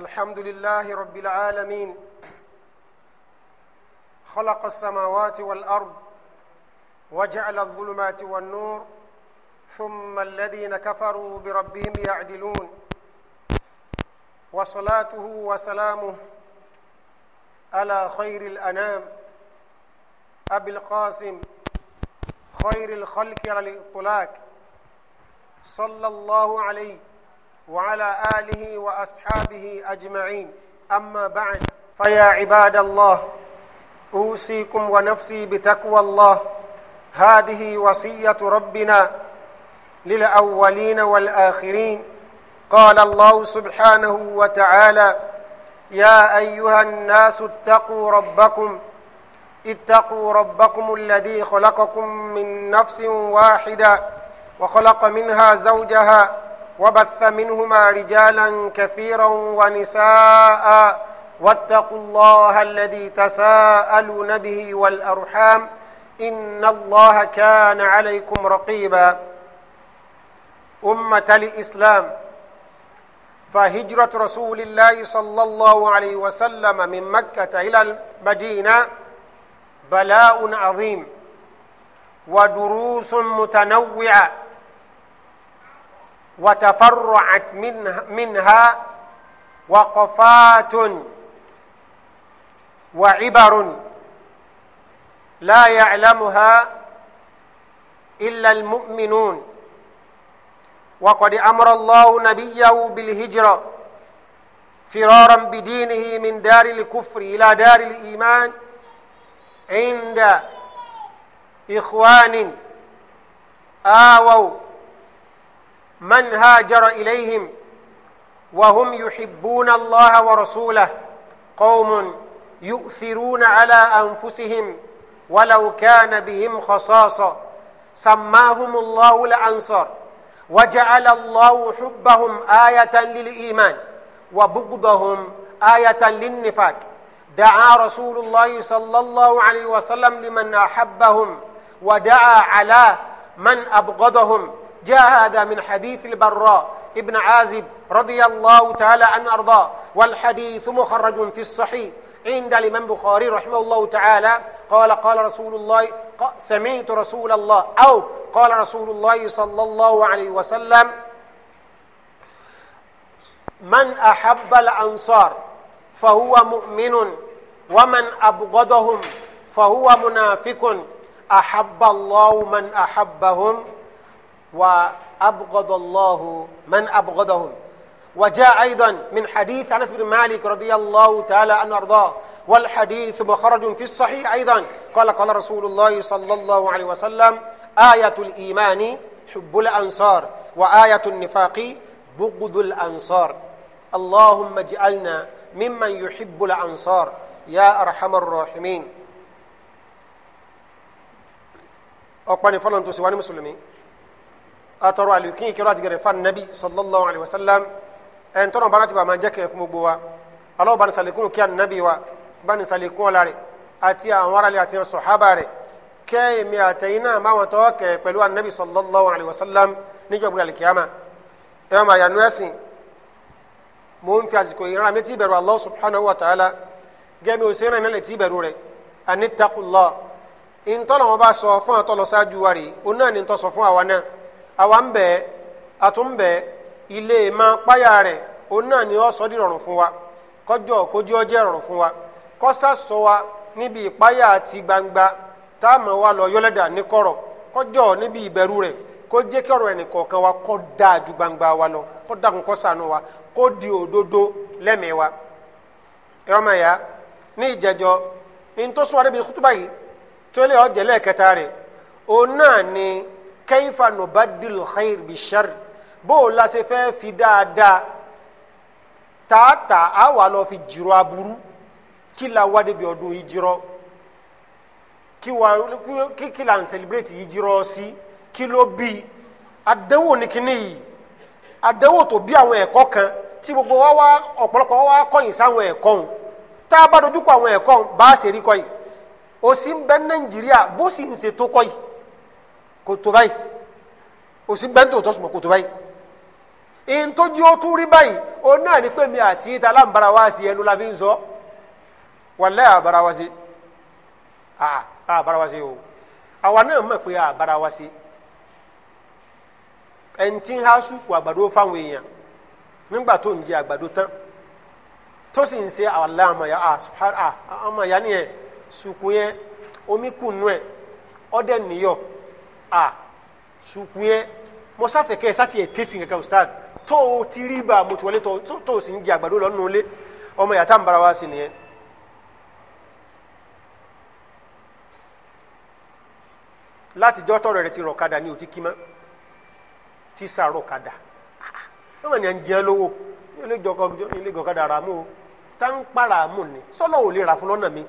الحمد لله رب العالمين خلق السماوات والارض وجعل الظلمات والنور ثم الذين كفروا بربهم يعدلون وصلاته وسلامه على خير الانام ابي القاسم خير الخلق على الاطلاق صلى الله عليه وعلى آله وأصحابه أجمعين أما بعد فيا عباد الله أوصيكم ونفسي بتقوى الله هذه وصية ربنا للأولين والآخرين قال الله سبحانه وتعالى يا أيها الناس اتقوا ربكم اتقوا ربكم الذي خلقكم من نفس واحدة وخلق منها زوجها وبث منهما رجالا كثيرا ونساء واتقوا الله الذي تساءلون به والأرحام إن الله كان عليكم رقيبا أمة الإسلام فهجرة رسول الله صلى الله عليه وسلم من مكة إلى المدينة بلاء عظيم ودروس متنوعة وتفرعت منها, منها وقفات وعبر لا يعلمها إلا المؤمنون وقد أمر الله نبيه بالهجرة فرارا بدينه من دار الكفر إلى دار الإيمان عند إخوان آووا من هاجر اليهم وهم يحبون الله ورسوله قوم يؤثرون على انفسهم ولو كان بهم خصاصه سماهم الله الانصار وجعل الله حبهم ايه للايمان وبغضهم ايه للنفاق دعا رسول الله صلى الله عليه وسلم لمن احبهم ودعا على من ابغضهم جاء هذا من حديث البراء ابن عازب رضي الله تعالى عنه أرضاه والحديث مخرج في الصحيح عند الإمام بخاري رحمه الله تعالى قال قال رسول الله سمعت رسول الله أو قال رسول الله صلى الله عليه وسلم من أحب الأنصار فهو مؤمن ومن أبغضهم فهو منافق أحب الله من أحبهم وأبغض الله من أبغضهم وجاء أيضا من حديث أنس بن مالك رضي الله تعالى عنه أرضاه والحديث مخرج في الصحيح أيضا قال قال رسول الله صلى الله عليه وسلم آية الإيمان حب الأنصار وآية النفاق بغض الأنصار اللهم اجعلنا ممن يحب الأنصار يا أرحم الراحمين أقبل فلن تسواني مسلمين atọrọ alikun yi kẹra tigẹrẹ fa nabi sallallahu alaihi wa sallam ẹn tọnọ baara ti ba ma jẹ kẹ fún gbogbo wa alaw bani salikun kí anabi wa bani salikun la rẹ̀ àti àwọn ará rẹ̀ àti àwọn sọhaba mi àtẹyin náà bá wọn tọ kẹ anabi sallallahu alaihi wa sallam níjọ́ gbúdọ̀ alikiyama ẹ ma yanu ẹsìn mo ń fi àsìkò yìí rárá mi ti bẹ̀rù allah subhanahu wa ta'ala gẹ́mi o sẹ́yìn náà ti bẹ̀rù rẹ̀ ani takulọ ntọ́nà wọn bá sọ fún àtọ́lọ́sáájú wa rè é o náà fún àwa náà àwa ń bẹ̀ àtúnbẹ̀ ilé máa páyà rẹ̀ òun náà ni ó sọ di rọrùn fún wa kọjọ kójú ọjẹ́ rọrùn fún wa kọ́sà sọ wa níbi ìpáyà àti gbangba tá a mọ̀ wá lọ yọ́lẹ́dà ní kọjọ níbi ìbẹ̀rù rẹ̀ kó jẹ́ kí ọ̀rọ̀ ẹnìkọ̀ọ̀kan wa kó dáa ju gbangba wa lọ kó dákun kó ṣàánú wa kó di òdodo lẹ́mìí wa ẹ ọmọ ya ní ìjẹjọ ní tó sún wa níbi kútúbà yìí tó lè ọjẹ́ lẹ́ẹ̀kẹta rẹ̀ òun náà ni kayfa nubadil khair bi shar bó o la ṣe fẹ́ fi dáadáa tààtà á wà lọ fi jìrọ aburú kí la wá débi ọdún yìí jìrọ kí wà kí kí la ń sẹlẹbírẹ́tì yìí jìrọ sí kí ló bí àdánwò ní kíní yìí àdánwò tó bí àwọn ẹ̀kọ́ kan tí gbogbo wa wá ọ̀pọ̀lọpọ̀ wa wá kọ̀yìn sáwọn ẹ̀kọ́ ń tá a bá dojú kọ àwọn ẹ̀kọ́ ń bá a ṣe rí kọ́ yìí sì ń bẹ Nàìjíríà bó sì ń ṣètò kọ́ kò báyìí o sì tó sùnmọ́ kò báyìí tún rí báyìí o náà ní pé mi àti ìta aláǹbara wá sí ẹnu la fi ń sọ wàlẹ́ o àwa náà mọ̀ pé àbára wá ń há sùkù àgbàdo fáwọn èèyàn nígbà tó ń jẹ àgbàdo tán tó sì ń ṣe àwàlẹ́ àmọ̀ ya àmọ̀ n'i sùkù yẹn omi kùnú ẹ̀ a sukuyẹ mọsafẹ kẹ sati yẹ tesi kankan ustad tó o ti rí ba mutiwale tó tó o sì ń jẹ àgbàdo lọ nínú ilé ọmọ yàtá ń bara wa sí nìyẹn. láti jọ́tọ̀ rẹ̀ ti rọ̀kadà ni o ti kí ti sa rọ̀kadà wọ́n mọ̀ ní à ń ilé jọkọ ilé gọ̀kadà rà o tá ń para ni sọ́lọ́ ò lè rà fún lọ́nà mi.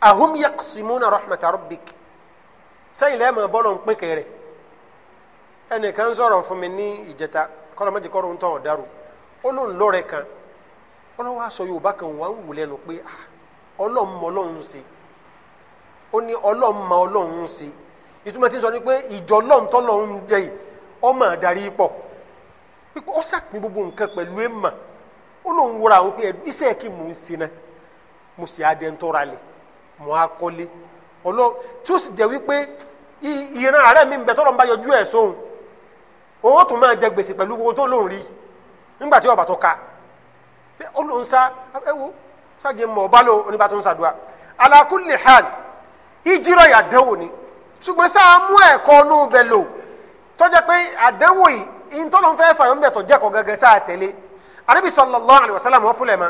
ahum yaqsimuna rahmata rabbik sẹ́yìn lẹ́ẹ̀mọ̀ bọlọ ń pín kẹrẹ̀ ẹnìkan sọrọ fún mi ní ìjẹta kọ́lọ́mọ́jì kọ́rọ̀ ń tàn ọ̀ dárò ó lóun kan ọlọ́wọ́ sọ yorùbá kan wà ń wù pé ọlọ́mọ ah, ọlọ́run ṣe ó ní ọlọ́mọ ọlọ́run ṣe ìtumọ̀ tí ń sọ ni pé ìjọ lọ́ǹtọ́ lọ́run yìí ọmọ àdarí pọ̀ pípọ́ ó sàpín gbogbo nǹkan pẹ̀lú ó wúra àwọn pé iṣẹ́ kí mò ń ṣe náà mo adẹ́ntọ́ra lẹ̀ mo á kọ́lé ọlọ́run tí ó sì jẹ́ wípé ìran àárẹ̀ mi ń bẹ tọ́lọ́ ń bá yọjú ẹ̀ sóhun òun ó tún máa jẹ gbèsè pẹ̀lú owó tó lóun rí nígbà tí ọba tó ka olóhùn sá ẹ wo sáàjì mọ̀ ọba ló oníbà tó ń sàdúrà ala kulli hal ìjírọ̀ yàdánwò ni ṣùgbọ́n sáà mú ẹ̀kọ́ inú bẹ lò tọ́jà pé àdánwò yìí ntọ́lọ́n fẹ́ fàyọ̀ ń bẹ̀ tọ́jà kọ́ gẹ́gẹ́ sáà tẹ̀lé arabi sallallahu alayhi wa sallam wọ́n fúnlẹ̀ ma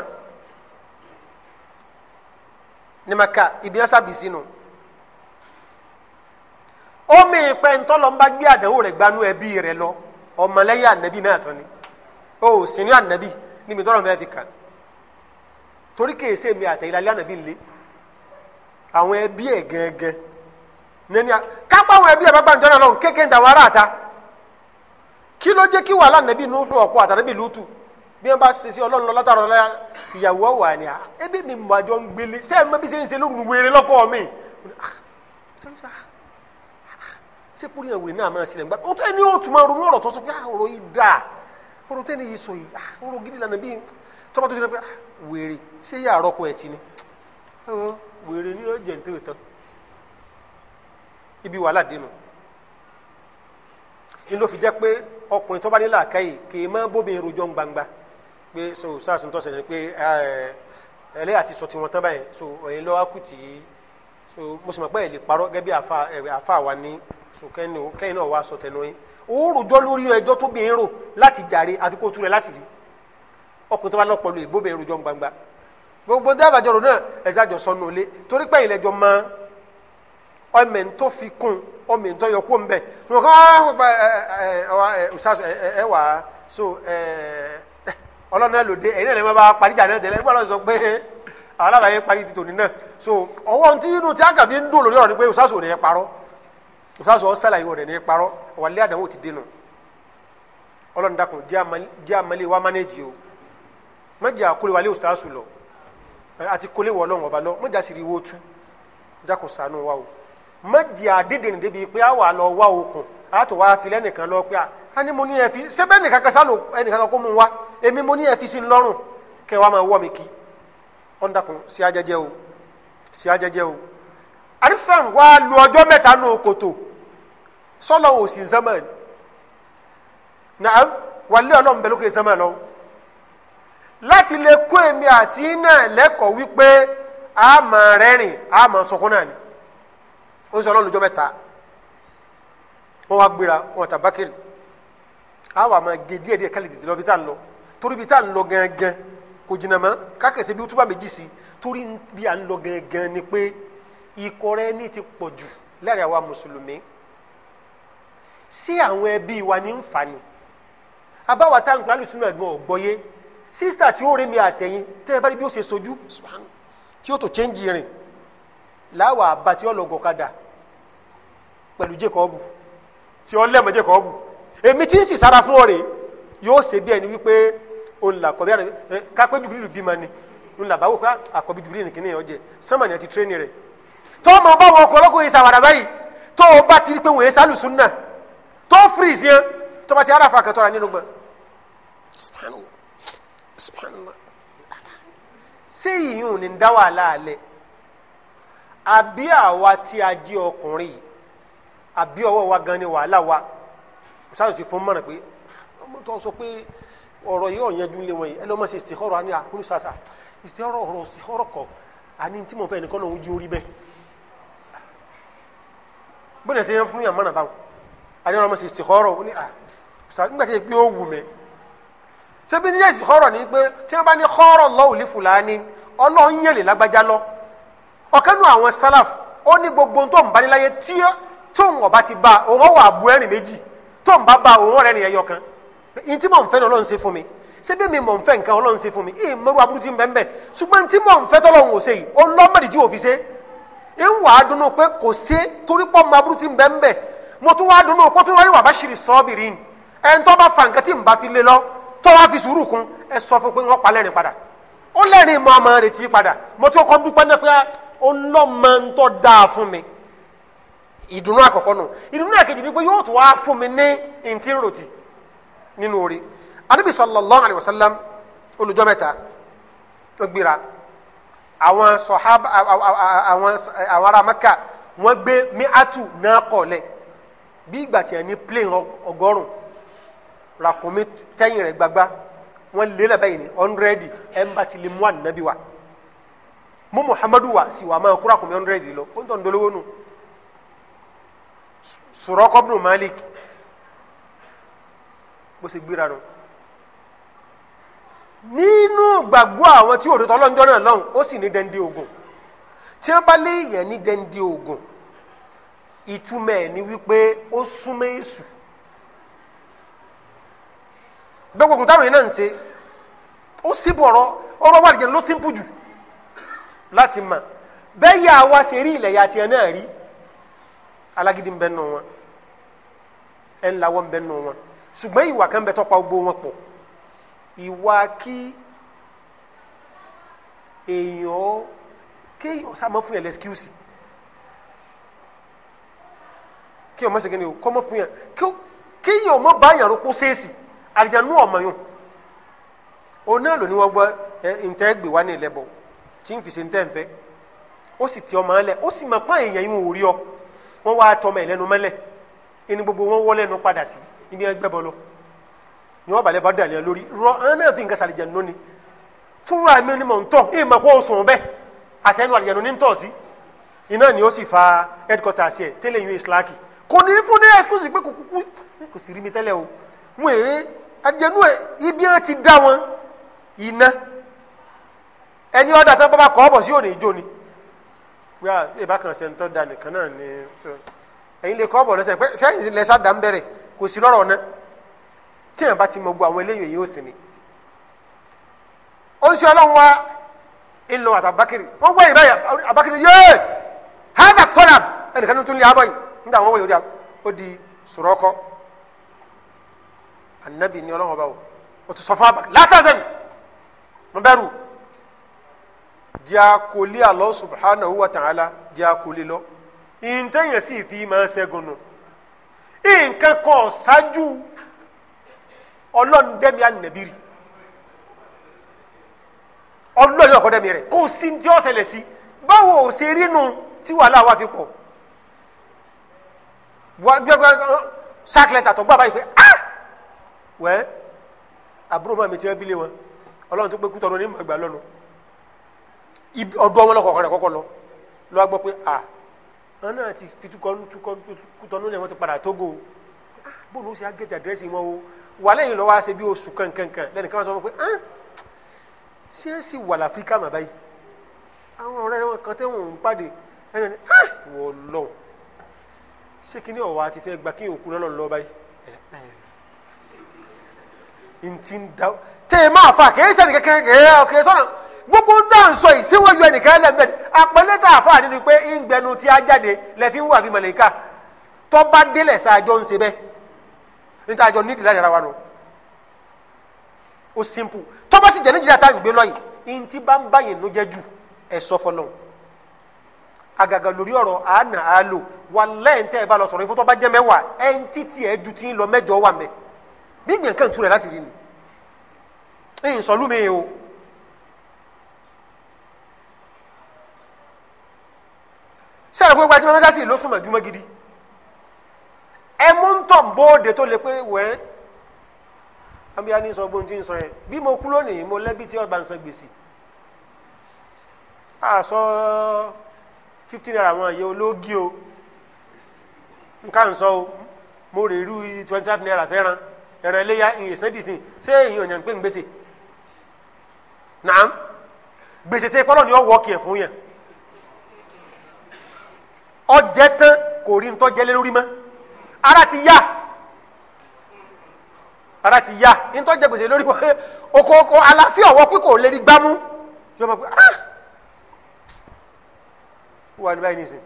ní maka ibi ẹ̀sà bìsí nù. No ó mi ìpẹ́ ńtọ́lọ́ ń bá gbé àdánwò rẹ̀ gbanú ẹbí rẹ̀ lọ ọmọlẹ́yìn ànábì náà tán ni o ò sínú ànábì níbi tọ́lọ́ fẹ́ fi kàn torí kìí ṣe mi àtẹ̀yìnlá lé ànábì ńlẹ̀ àwọn ẹbí ẹ̀ gẹ́gẹ́ nani kápá àwọn ẹbí ẹ̀ bá gbàǹjọ́ náà lọ́hùn kéèké ń tàwọn ará àta kí ló jẹ́ kí wàhálà ànábì nù fún ọ̀pọ̀ àtànábì lùtù bí wọ́n bá ṣe sí ọlọ́run lọ́tàrọ̀ lọ́yà ìyàwó wà ní à ẹbí mi mọ̀ àjọ ń gbélé sẹ́ẹ̀ mọ́ bí ṣe ṣe lórun wéré lọ́kọ́ mi ah, sẹ́kù ní ìwé náà máa sílẹ̀ nígbà tó tẹ́ ni ó tún máa ronú ọ̀rọ̀ tó sọ pé ah, ọ̀rọ̀ yìí dáa ọ̀rọ̀ tẹ́ ni yìí sọ yìí ah, ọ̀rọ̀ gidi lànà bíi tọ́mọ́tò ti rẹ pé ah, wèrè ṣé yà àrọ́kọ ẹ̀ ti ni wèrè ni ó jẹ̀ ní tèwé tán ibi wàhálà dénú ni ló fi jẹ́ pé ọkùnrin tó bá ní làákàyè kì í máa bóbìnrin rojọ́ ń gbangba pé so stars ń tọ́sẹ̀ ni pé eh, ẹlẹ́yà ti sọ tiwọn tán báyìí so ọ̀rẹ́ lọ́wọ́ kùtì so mo sì mọ̀ pé ẹ̀ lè parọ́ gẹ́gẹ́ bí àfa àwa ní sòkẹ́ni o kẹ́yìn náà wá sọ tẹnu yín ó rojọ́ lórí ẹjọ́ tó bìnrin rò láti jàre àti kó tu rẹ̀ láti rí ọkùnrin tó bá lọ́pọ̀ lóye bó bẹ̀rẹ̀ rojọ́ gbangba gbogbo dábàjọ́ rò náà ẹ̀sẹ̀ àjọ sọnù òlé torí pé ìlẹ̀jọ́ mọ ọmọ ẹ̀ńtó fi kún ọmọ ẹ̀ńtó yọ kó ń bẹ̀ tùmọ̀ kọ́ ẹ wà á so ọlọ́nà lòdì ẹ̀yin náà lè má bá parí jà náà tẹ̀lé gbọ́dọ̀ sọ pé alábàáyé parí ti tòní náà so ọwọ́ ti inú ti àgàbí ń dùn lórí ọ̀rọ̀ ni pé òṣàṣò ni ẹ parọ́ musasu ọsàlàyé ọdẹ ní parọ wàlẹ àdánwò ti dénú ọlọ́nìdàkùn jẹ́ àmàlẹ́ wa mánéjì o mọ̀jà kólé wàlẹ́ òsùtàṣù lọ àti kólé wọ̀ ọlọ́run ọba lọ mọ̀jà sì rí owó tú dákùn sànú wa o mọ̀jà dídè ní débi pé àwa lọ wá okùn àtọ̀ wá filẹ̀ nìkan lọ pé a ní mo ní ẹ fi sẹ́bẹ̀ nìkan kan sálò ẹnìkan kan kó mu wá èmi mo ní ẹ fi sí lọ́rùn wa máa wọ́ mi kí ọ̀ndàkùn sí ajẹjẹ o sí ajẹjẹ o àrísàn wa lu ọjọ́ mẹ́ta nù No sọlọ ò sí zaman náà wàlẹ́ ọlọ́run bẹ lókè lọ láti lè kó èmi àti iná lẹ́kọ̀ọ́ wípé a máa rẹ́rìn a máa sọkún náà ni ó sọ ọlọ́run lọ́jọ́ mẹ́ta wọ́n wá gbéra wọ́n tà bákìrì a wà máa gé díẹ̀ díẹ̀ kálí tètè lọ bí tá lọ torí bí lọ kò jìnnà mọ́ bí túbà méjì sí torí bí à ń lọ ni pé ikọ̀ rẹ ní ti pọ̀ jù láàrin àwa mùsùlùmí. sí àwọn ẹbí wa ní nfààní abáwa tá nkúlá lùsùn náà gan ọgbọyé sísítà tí ó rí mi àtẹ̀yìn tẹ́ ẹ bá rí bí ó ṣe sojú tí ó tó chẹ́ǹjì rìn láwà àbàtí ọlọ́gọ̀kadà pẹ̀lú jẹ́kọ̀ọ́bù tí ó lẹ́mọ̀ jẹ́kọ̀ọ́bù èmi tí ń sì sára fún ọ rè yóò ṣe bí ẹni wípé òun là àná kápẹ́ jùbìlì bímọ ni òun ah, bá wò pé àkọ́bí ọjẹ sọ́mọ̀nì tírénì rẹ̀ tó firizi yẹn tó bá ti arafa kan tọ́ra nínú gbọ́n subhanallah subhanallah ṣé ìyún ni ń dá wàhálà alẹ́ àbí àwa tí a jẹ́ wa gan ni wàhálà wa ṣáà ti fún mọ̀nà pé ọmọ tó sọ pé ọ̀rọ̀ yìí ọ̀yanjú lé wọn yìí ẹ lọ́ mọ̀ sí ìsìnkọ́rọ̀ àní àkúnú ṣàṣà ìsìnkọ́rọ̀ ọ̀rọ̀ ìsìnkọ́rọ̀ kọ̀ àní tí mo fẹ́ nìkan náà jí orí bẹ́ẹ̀ gbọ́dọ̀ ṣe yẹn fún yàn mọ̀nà báwọn àní ọlọmọ sì sìkọrọ ó ní à ah, nígbà tí pé ó wù mí ṣebí ní yẹsì kọrọ ni pé tí wọn bá ní kọrọ lọ òlì fúlàní Ọlọ́run yẹlẹ lágbájá lọ ọkànnù àwọn sálàf ó ní gbogbo tó ń baniláyé tí tó ń ọba ti bá òun ọwọ àbú ẹrìn méjì tó ń bá bá òun ọ̀rẹ́ nìyẹn yọ kan ní tí mò ni Ọlọ́run ṣe fún mi ṣebí mi mò ń fẹ́ nǹkan Ọlọ́run ṣe fún mi ìyẹn mọrú aburú ti ń bẹ́ẹ̀ bẹ́ẹ̀ ṣùgbọ́n tí mò ń fẹ́ tọ́lọ́run ò ṣe yìí ó lọ́mọdì pé kò ṣe torí pọ́ mọ aburú ti mo tún wá dunu kó tún wá rí wàá bá ṣiri sọ́ọ̀bìrì ni ẹni tó bá fa nǹkan tí n bá fi lé lọ tó wá fi sùúrù kún ẹ sọ fún pé wọ́n pa lẹ́rìn padà ó lẹ́rìn mọ́ ọmọ rẹ̀ tí padà mo tún kọ́ dúpẹ́ náà pé ah, ọlọ́mọ ń tọ́ dáa fún mi ìdùnnú àkọ́kọ́ nù ìdùnnú àkejì ni pé yóò tún wá fún mi ní ntí ń rotì nínú orí Ànábì sallallahu alayhi wa sallam olùjọ́ mẹ́ta ó gbéra àwọn sọ̀hábà àwọn ará Mẹ́kà wọ́n gbé mi'atu náà kọ̀ lẹ́ẹ̀ bí ìgbà tí yẹn ní plane ọgọ́rùn ràkúnmí gbagba rẹ̀ gbagbá wọ́n lé lẹ́bàá yìí ní ọ̀ndrẹ́dì ẹ̀ńbà wa mú muhammadu wa sì wà máa kó lọ kó ń tọ́ ń dolówó malik bó ṣe gbéra nù nínú gbàgbọ́ àwọn tí òdòdó ọlọ́njọ́ náà lọ́hùn ó sì ní dẹ́ndé ogun tí wọ́n bá lé ogun ìtumọ̀ ẹ̀ ni wípé ó súnmọ́ èṣù gbogbo táwọn yẹn náà ń ṣe ó sì bọ̀rọ̀ ọ̀rọ̀ wà lìjẹ́ ló simple jù láti mà bẹ́ẹ̀ yà wá ṣe rí ilẹ̀ yà tiẹ̀ náà rí alágídí ń bẹ nù wọn ẹ̀ ń lawọ́ ń bẹ nù wọn ṣùgbọ́n ìwà kan bẹ tọ́pa gbogbo wọn pọ̀ ìwà kí èèyàn kéèyàn sá mọ́ fún ẹ̀ lẹ́skíùsì kí ọmọ segin ni o kọ́ mọ́ fún yàn kí yàn ọmọ bá yàn rúkú séèsì àlìjánu ọmọ yàn òun náà lóní wọ́n gbọ́ ẹ ntẹ́ gbé wá ní ilẹ̀ bọ̀ tí ń fi ṣe ntẹ́ nfẹ́ ó sì ti ọmọ alẹ̀ ó sì máa pa èèyàn yín òórí ọ wọ́n wá tọmọ ìlẹ́nu mẹ́lẹ̀ ẹni gbogbo wọn wọ́ lẹ́nu padà sí ibi ẹgbẹ́ bọ́ lọ ni wọ́n balẹ̀ bá dàlẹ́ lórí rọ àwọn náà fi nǹkan sàlìjánu ni fúnra mi ni mò ń ni ń tọ̀ sí iná kò ní fún ní excuse pé kò kúkú kò sì rí mi tẹ́lẹ̀ o wọn èé adìẹnú ẹ ibi ẹ ti dá wọn iná ẹni ọ̀dà tó bá kọ́ ọ̀bọ̀ sí òní ìjó ni pé ìbá kan ṣe ń tọ́ da nìkan náà ni ẹ̀yin lè kọ́ ọ̀bọ̀ lọ́sẹ̀ pé sẹ́yìn lẹ́sà dá ń bẹ̀rẹ̀ kò sí lọ́rọ̀ náà tí èèyàn bá ti mọ gbogbo àwọn eléyìí yóò sì ni ó ń ṣe ọlọ́run wa ńlọ àtàbákiri wọ́n wẹ̀ ìbáyà àbákiri yéé hàdà kọ́là ẹnìkan tó ń lé abọ́ nígbà wọn wọ yorùbá ó di sùrọ́kọ́ anabi ni ọlọ́wọ́n bá wò ó ti sọ fún abàkì látàzẹ́n mo bẹ̀rù diakoli Allah subhanahu wa ta'ala diakoli lọ ìǹtẹ̀yẹ̀ sì fi máa ṣẹ́gun nù nǹkan kan ṣáájú ọlọ́run dẹ́mi ànàbí rí ọlọ́run dẹ́mi rẹ̀ kò sí ti ọ̀sẹ̀ lẹ̀ sí báwo ò ṣe rí nu tí wàhálà wà fi pọ̀ gbẹgbẹ sákìlẹ̀tà tó gbà báyìí pé ah wẹ́ àbúrò máa mi ti ẹbí lé wọn ọlọ́run tó pé kú tọrọ ní ìmọ̀ ìgbà lọ́nu ọdún ọmọ lọkọ̀ rẹ̀ kọ́kọ́ lọ lọ́wọ́ gbọ́ pé ah wọn náà ti fi tukọ̀ tukọ̀ tukọ̀ nílẹ̀ wọn ti padà tógo ah, bóun ó ṣe àgẹ́tì àdírẹ́sì wọn o wà lẹ́yìn lọ́wọ́ àṣẹ bí oṣù kankankan lẹ́nu káwọn sọ fún pé ah ṣé é sì wà láfíríkà mà báyìí àwọn ọ̀rẹ́ wọn kan tẹ́wọ̀n ń pàdé ẹni ah wọ́n lọ́wọ́ ṣé kí ni ọ̀wá àti fẹ́ gba kí n òkú lọ́lọ́ lọ́ọ́ báyìí ntí ń da tẹ ẹ máa fa kìí sẹ́ni kankan kìí ọ̀kẹ́ sọ́nà gbogbo ń tà ń sọ yìí sí wọ́n yọ ẹnìkan lẹ́gbẹ̀ẹ́ àpẹẹlẹ́ tá a fà nínú pé ń gbẹnu tí a jáde lẹ́fí wà bí mọ̀lẹ́ká tọ́ba délẹ̀ sáájọ́ ń ṣe bẹ́ẹ̀ níta àjọ nídìí láti ara wa nù ó simple tọ́ba sì jẹ́ nídìí àtàgbé lọ́yìn ntí bá ń báyìí nù jẹ́ jù ẹ̀ sọ fọlọ́hùn àgàgà lórí ọ̀rọ̀ àánà àálò wàlẹ́ ntẹ́ ẹ bá lọ sọ̀rọ̀ ìfọ́tọ́ bá jẹ́ mẹ́wàá ẹ̀ ń títí ẹ̀ ju ti ń lọ mẹ́jọ wà mẹ́ gbígbìn kan tu rẹ̀ láti rí ni ẹ̀yìn sọ̀lú mi o. sẹ́yìn pé wájú mẹ́ta sì ló súnmọ́ júmọ́ gidi ẹ mú ń tọ̀ bóde tó le pé wẹ́ẹ́ amúyá sọ gbóhùn tí ń sọ yẹn bí mo kú lónìí mo lẹ́bi tí ọba ń san gbèsè àṣọ. So, fifty naira wọn yẹ ológi o nǹkan sọ o mo rè rú twenty five naira fẹ́ràn ẹ̀rọ ẹlẹ́yà ìyẹ̀sán dì sí ṣé èyí ò ní pè ń gbèsè gbèsè ni ọ wọ́ kì fún yẹn ọjẹ́ tán ara ti yá ara ti yá ntọ́ gbèsè lórí wọn okòókò aláfíà ọwọ́ pé wà ní báyìí nísìn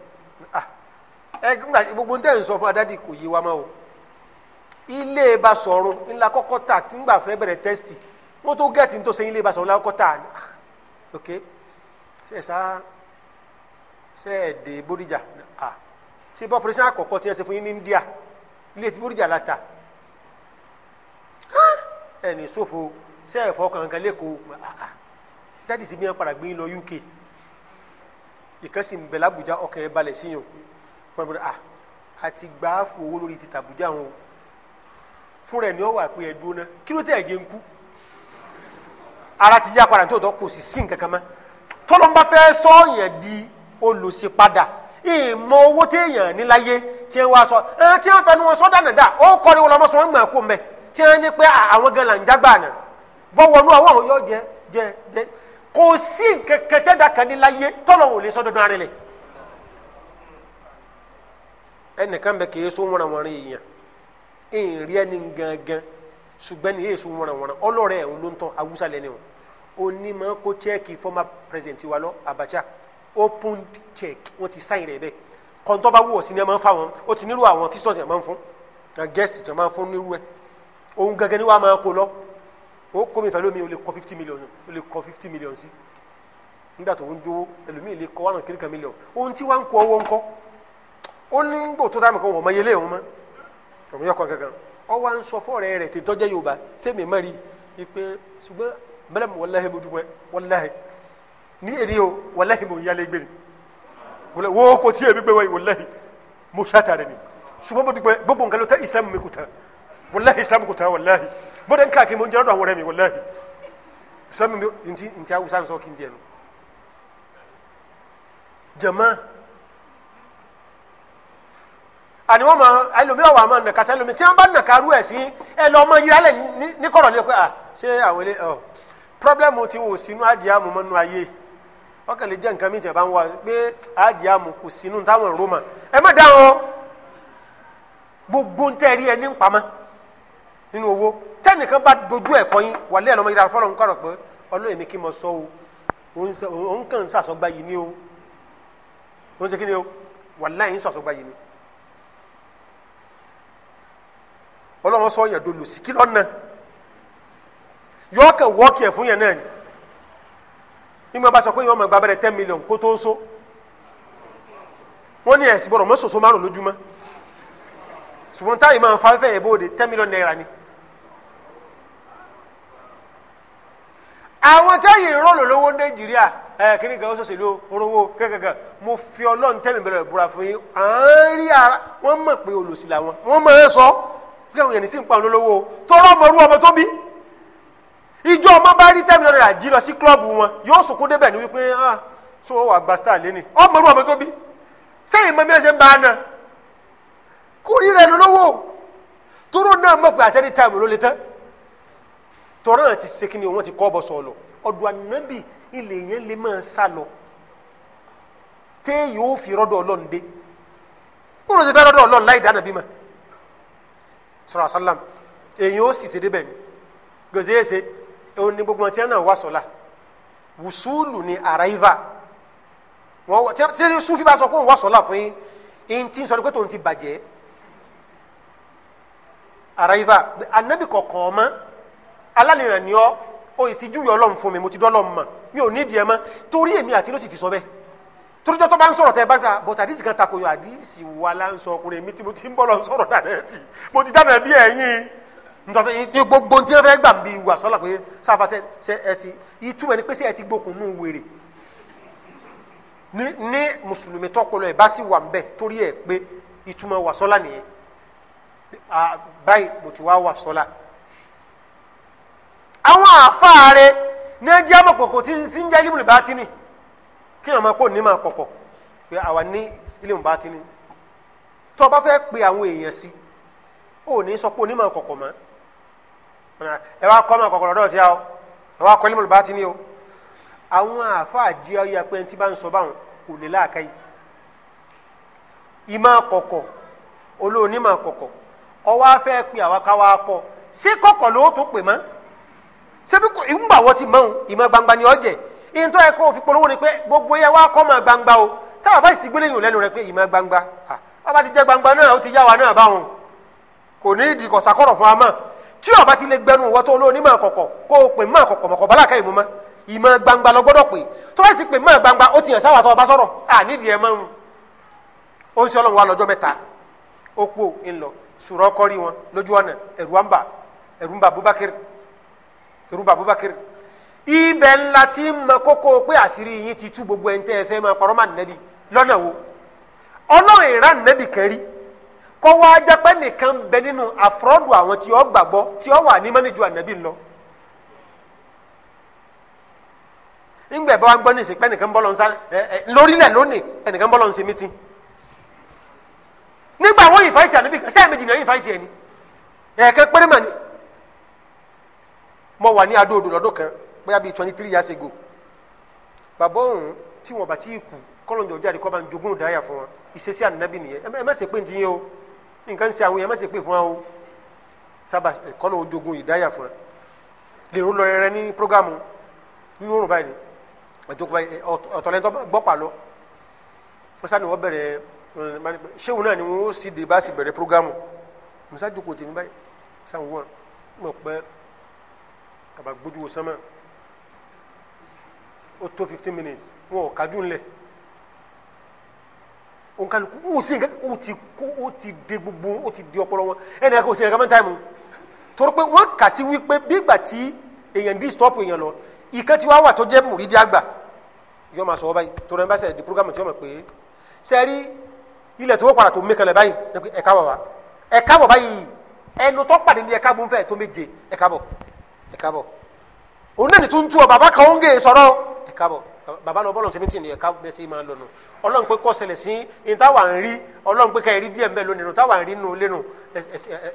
ah, ẹ gbogbo ntẹ́ ń fún kò yé wa mọ́ o ilé bá sọ̀rùn ńlá kọ́kọ́ tà tí ń gbà fẹ́ bẹ̀rẹ̀ ilé sọ̀rùn ńlá ah, ok ṣe sá ṣe ẹ̀ dé bódìjà ah, ṣe bọ́ ṣe fún yín ní India ilé la ta ẹ̀ ní sófo ṣe kankan lẹ́kọ̀ọ́ ti bí wọn UK. ìkànsì ń bẹ l'Abuja ọkàn yẹn balẹ̀ sí yàn wọn bẹ ah àti gbà á fún owó lórí títà Abuja wọn fún rẹ ni ọ wà pé ẹdùn kí ló tẹ ẹgẹ ara ti yá padà tó kò sì sí nǹkan mọ́ fẹ́ sọ yẹn di ìmọ̀ owó téèyàn níláyé tí wọ́n sọ ẹ̀ tí wọ́n sọ kò sí kẹkẹtẹ dakani la ye tọlọ wòle sọdọdọ arẹ lẹ ẹnìkan bẹ k'e so wọnà wọnà yìí yàn èyí rí ẹni gángan ṣùgbọ́n ni e so wọnà wọnà ọlọ́rẹ̀ ẹ̀ ń ló ń tán awúsá lẹ́ni o onímọ̀ kó chẹ́ẹ̀kì former president wa lọ Abacha open check wọ́n ti sáyìn rẹ̀ bẹ́ẹ̀ kọ́ńtọ́ba wù ọ́ sí ni ẹ máa ń fa wọn ó ti nílò àwọn fistons ẹ máa ń fún guest ẹ máa ń fún nílùú ẹ ó kó mi fẹ́ lómi o lè kọ́ fifty million o lè kọ́ fifty million sí nígbà tó ń do. ẹlòmíì lè kọ́ one hundred kìlìkan million ohun tí wàá ń kó owó ń kọ́ ó ní gbò tó dáàmì kan wọ́n mọ yẹlé òun mọ́ òun yọkàn kankan ọ wá ń sọ fọ́ọ̀rẹ́ rẹ̀ tètò jẹ́ Yorùbá tèmi mọ́ rí i pé ṣùgbọ́n mẹ́lẹ́mù wọláhẹ́ mo dúpẹ́ wọláhẹ́ ní èdè o wọláhẹ́ mo yálé gbé ni wo kò tí èmi gbé wọláhẹ́ mo ṣàtàrẹ̀ ni ṣùgbọ́n mo dúpẹ́ gbogbo nǹkan ló Islam mi kò tán Islam kò tán wọláhẹ́. bó dé ń káàkiri mo ń jẹ àwọn ọ̀rẹ́ awusa sọ kí n jẹ nu jama wọn ma ẹlòmíà e wà máa nàka sẹ tí wọn bá nàka rú ẹ ẹ lọ ọmọ yìí alẹ ní kọrọ lé pé à ṣé àwọn ilé ọ pírọblẹmù tí wò sínú àjẹ àmú mọnú ayé ọkàn lè nǹkan mi tẹ ń wá pé àjẹ àmú kò sínú táwọn gbogbo ń tẹnìkan bá dojú ẹ̀kọ́ yín wàlẹ́ ẹ̀ lọ́mọ yìí fọlọ́n kọ́ pé ọlọ́yìn mi mo sọ o òun kàn ń ni o òun ṣe kí ni o wàlẹ́ yìí ń yìí ni ọlọ́wọ́ sọ yẹn dolo sí lọ́nà yọ kẹ wọ́ọ̀kì ẹ̀ fún yẹn ni mo bá sọ pé yọ ọmọ ma ten million kó tó so wọ́n ní ẹ̀sìn bọ̀rọ̀ mọ́ sòso márùn lójúmọ́ ṣùgbọ́n táyì máa fa fẹ́ ẹ̀ bóde ten million àwọn tẹ́yìn rọ́ọ̀lù lówó nàìjíríà ẹ kíní kan ṣòṣèlú orowó kankan mo fi ọlọ́run tẹ́mi bẹ̀rẹ̀ búra fún yín àán rí ara wọ́n mọ̀ pé olòṣì làwọn wọ́n mọ̀ ẹ́ sọ kí àwọn ènìyàn sì ń pa òun lówó tọrọ ọmọ orú ọmọ tó bí ìjọ ọmọ bá rí tẹ́mi lọ́dọ̀ àjí lọ sí klọ́ọ̀bù wọn yóò sunkún débẹ̀ ní wípé ah so wà gba star lẹ́nì ọmọ orú ọmọ tó bí sẹ́yìn mọ́ mi ẹsẹ̀ ń bá a nà kórìíra ẹ̀ lọ́wọ́ tóró náà mọ̀ pé àtẹ́rí táìmù ló le tán tọ́rọ́ àti sekini wọn ti kọ́ bọ́ sọ lọ ọ̀dọ̀ ànábì ilé yẹn lè máa sá lọ téèyàn ó fi rọ́dọ̀ ọlọ́run dé wọn ò ti fẹ́ rọ́dọ̀ ọlọ́run láì dáná bí ma sọ̀rọ̀ àsálàm èèyàn ó sì ṣe débẹ̀ ni gòzè ẹsẹ òun ni gbogbo ọtí náà wà sọ̀la wùsùlù ni àràyíva wọn tí tí sufi bá sọ pé òun wà sọ̀la fún yín yín tí ń sọ pé tòun ti bàjẹ́ àràyíva ànábì kọ̀ọ̀kan ọmọ alálìràn ni ọ o ìtìjú yọ ọlọ́run fún mi mo ti dọ́ ọlọ́run mọ̀ mi ò ní ìdíyẹ mọ́ torí èmi àti ló sì fi sọ bẹ́ẹ̀ torijọ́ tó bá ń sọ̀rọ̀ tẹ́ bá gbà bọ́tà àdìsí kan takoyọ àdìsí wa la ń sọ ọkùnrin mi tí mo ti ń bọ́ lọ sọ̀rọ̀ dàdẹ́ tì mo ti dáná bí ẹ̀yin ntọ́fẹ́ gbogbo ntí wọ́n fẹ́ gbà bí wà sọ́lá pé sáfà ṣe ẹ̀sì ìtumọ̀ ni pé ṣé ẹ ti gbókun nù wèrè ní ní mùsùlùmí tọ́pọ̀lọ́ ẹ̀ bá sì wà ń torí ẹ̀ pé ìtumọ̀ wà sọ́lá nìyẹn báyìí mo ti wá wà sọ́lá àwọn àáfàá rẹ ní ẹjẹ amọ̀pọ̀kọ̀ tí ń jẹ ilé ìbá tí ni kí wọn máa ní máa kọ̀kọ̀ pé àwa ni tó o bá fẹ́ pe àwọn èèyàn sí ò ní sọ pé onímọ̀ kọ̀kọ̀ o ẹ wá kọ́ ilé ni o àwọn àáfàá jẹ́ ọyẹ pé tí bá ń sọ báwọn kò lè ìmọ̀ kọ̀kọ̀ olóònímọ̀ kọ̀kọ̀ ṣebí ìmúbà wọ́n ti mọ̀ ìmọ̀ gbangba ni ọ̀jẹ̀ ìyẹn tó yẹ kó fi polówó ni pé gbogbo yẹ wá kọ́ mọ̀ gbangba o táwọn bá sì ti gbélé yìí lẹ́nu rẹ pé ìmọ̀ gbangba ọba ti jẹ́ gbangba náà ó ti yá wa náà báwọn kò ní ìdí kọ̀sákọ̀rọ̀ fún wa mọ̀ tí ọba ti lè gbẹnu wọ́n tó olóòní mọ̀ kọ̀kọ̀ kó o pè mọ̀ kọ̀kọ̀ mọ̀kọ̀ bálàkà ìmú mọ́ ìmọ̀ gbangba lọ gbọ́dọ̀ pé tó bá sì pè mọ̀ ibe bàbá Abubakar ibẹ̀ ńlá tí ń mọ kókó pé àṣírí yín ti tú gbogbo ẹni tẹ́ ẹ fẹ́ máa parọ́ máa nẹ́bi lọ́nà wo ọlọ́run ìran nẹ́bi kan kọ́ wá jápẹ́ nìkan bẹ nínú àfọ́rọ́dù àwọn tí gbàgbọ́ tí wà ní lọ. bá wa gbọ́ ní ìsìnkú ẹnìkan lọ ń sáré lórílẹ̀ lónìí ẹnìkan bọ́ lọ ń ṣe mítìn. nígbà wọ́n ìfáìtì ànábì kan sẹ́ẹ̀mejì ẹni mo wà ní adó odò lọ́dún kan bóyá bíi twenty three years ago bàbá òun tí wọn bá tí ì kú kọlọ́njọ jáde kọ́ bá ń jogún dáyà fún wọn ìṣesí ànábì nìyẹn ẹ má ṣe pé ń o nǹkan ṣe àwọn yẹn má ṣe pé fún wa o sábà kọ́lọ́ ojogun ìdáyà fún wọn lè lọ rẹ ní programu ní oorun báyìí ni àjọkọ̀ ọ̀tọ̀lẹ́ntọ́ lọ wọ́n sá ni wọ́n bẹ̀rẹ̀ ṣéwù náà ni wọ́n ó sì dé bá sì bẹ̀rẹ̀ programu musa jókòó tèmi báyìí sáwọn wọn mọ̀ pẹ́ kaba gbójú wo sánmà ó tó fifteen minutes wọn ò kájú ńlẹ̀ onkaluku ó sì nǹkan ó ti kó ó ti de gbogbo ó ti di ọpọlọ wọn ẹnì kan ó sì nǹkan mọ́ táìmù torí pé wọ́n kà sí wípé bí ìgbà tí èèyàn dí stop èèyàn lọ ìkan tí wàá wà tó jẹ́ mùrídìí àgbà yóò máa sọ ọ báyìí torí ẹ bá ṣe di programme tí yóò máa pè é sẹ́rí ilẹ̀ tó padà tó mékalẹ̀ báyìí ẹ̀ka bọ̀ wá ẹ̀ka bọ̀ báyìí ẹnu tó pàdé ní ẹ̀ka bọ̀ ń fẹ́ tó méje ẹ̀ka bọ̀ ẹ káàbọ̀ òun náà ní tuntun ọ bàbá kan ó ń gé e sọ̀rọ̀ ẹ káàbọ̀ bàbá náà bọ́lọ̀ tẹ́mi tì ní ẹ̀ka bẹ́ẹ̀ sí máa ń lọ́nu ọlọ́run pé kọ́sẹ̀lẹ̀ sí ní táwa ń rí ọlọ́run pé ká ẹ̀rí díẹ̀ mbẹ́ lónìí nù táwa ń rí nù lẹ́nu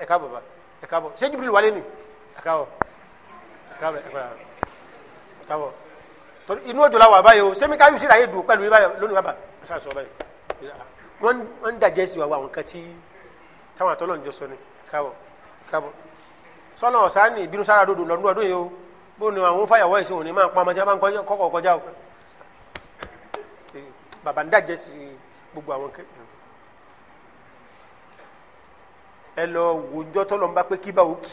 ẹ káàbọ̀ bàbá ẹ káàbọ̀ ṣé Jibril wálé ni ẹ káàbọ̀ ẹ káàbọ̀ ẹ káàbọ̀ torí inú òjò la wà báyìí o sẹ́mi káyọ̀ sí ra yé dùn pẹ̀lú lónìí bàbá ẹ sá sọ báyìí wọ́n ń dàjẹ́ sí wa àwọn kan tí táwọn àtọ́lọ́ sọlọ ọsàn ní ìbínú sára dòdò lọdún ọdún yìí o bó ni àwọn fàyàwọ ìsìn òní máa pa ọmọdé máa ń kọkọ kọjá o bàbá ń dàjẹ sí gbogbo àwọn kẹ ẹ lọ wòjọ tọlọ ń bá pé kí bá òkì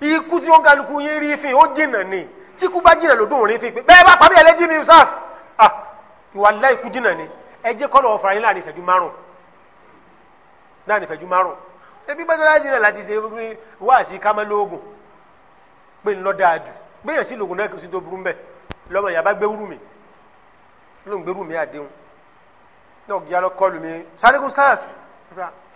ikú tí wọn kálukú yín rí fín ó jìnnà ni tí kú bá jìnnà lòdùn rí fín pé bẹ́ẹ̀ bá pàmì ẹlẹjì mi sars ah ìwà láì kú jìnnà ni ẹ jẹ kọlọ ọfàrin láàrin ìṣẹ́jú márùn láàrin ìṣẹ́jú márùn ebi mọ́sálásí náà láti ṣe wáàsí kámẹ́lógún pé ńlọ dáa jù gbéyàn sí lògùn náà kò sí tó burú mbẹ lọ́mọ yàrá gbẹ́wúrú mi ló ń gbẹ́rù mi àdéhùn náà yàrá kọlù mi sadigun stars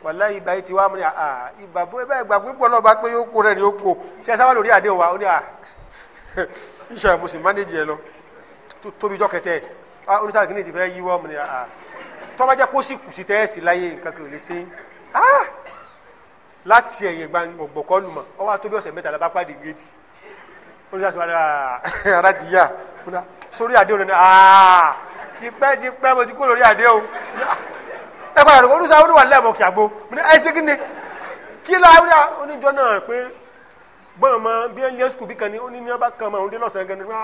wàlá ibà yìí ti wá mu ni àà ibà bó ẹ bá gbà pípọ̀ náà bá pé yóò kó rẹ̀ ni yóò kó ṣe é sábà lórí àdéhùn wa ó ní à iṣẹ́ mo sì mánéjì ẹ lọ tóbi jọ kẹtẹ ah oníṣàgínì ti fẹ́ yíwọ́ mu ni àà tọ́bajẹ́ pósí kùsì tẹ́ẹ̀sì láyé nǹkan kò lè ṣe ah láti ẹ̀yìn gbàngbọ̀n kọ́ lùmọ̀ ọ wá tó bí ọ̀sẹ̀ mẹ́ta la bá pàdé géètì ó ní sàṣìwájú ah, ara ti yá ah, sórí àdéhùn ní aa ah, tipẹ́ tipẹ́ mo ti kó lórí o ẹ padà lọ olùsọ àwọn oníwàlẹ́ àmọ́ kì àgbo ẹ ṣe kí ni kí ló àwọn oníjọ náà pé gbọ́n ọmọ bí ẹ lé skul bí kan ní ó ní ní ọba kan ọmọ òun dé lọ́sàn-án gan ni wá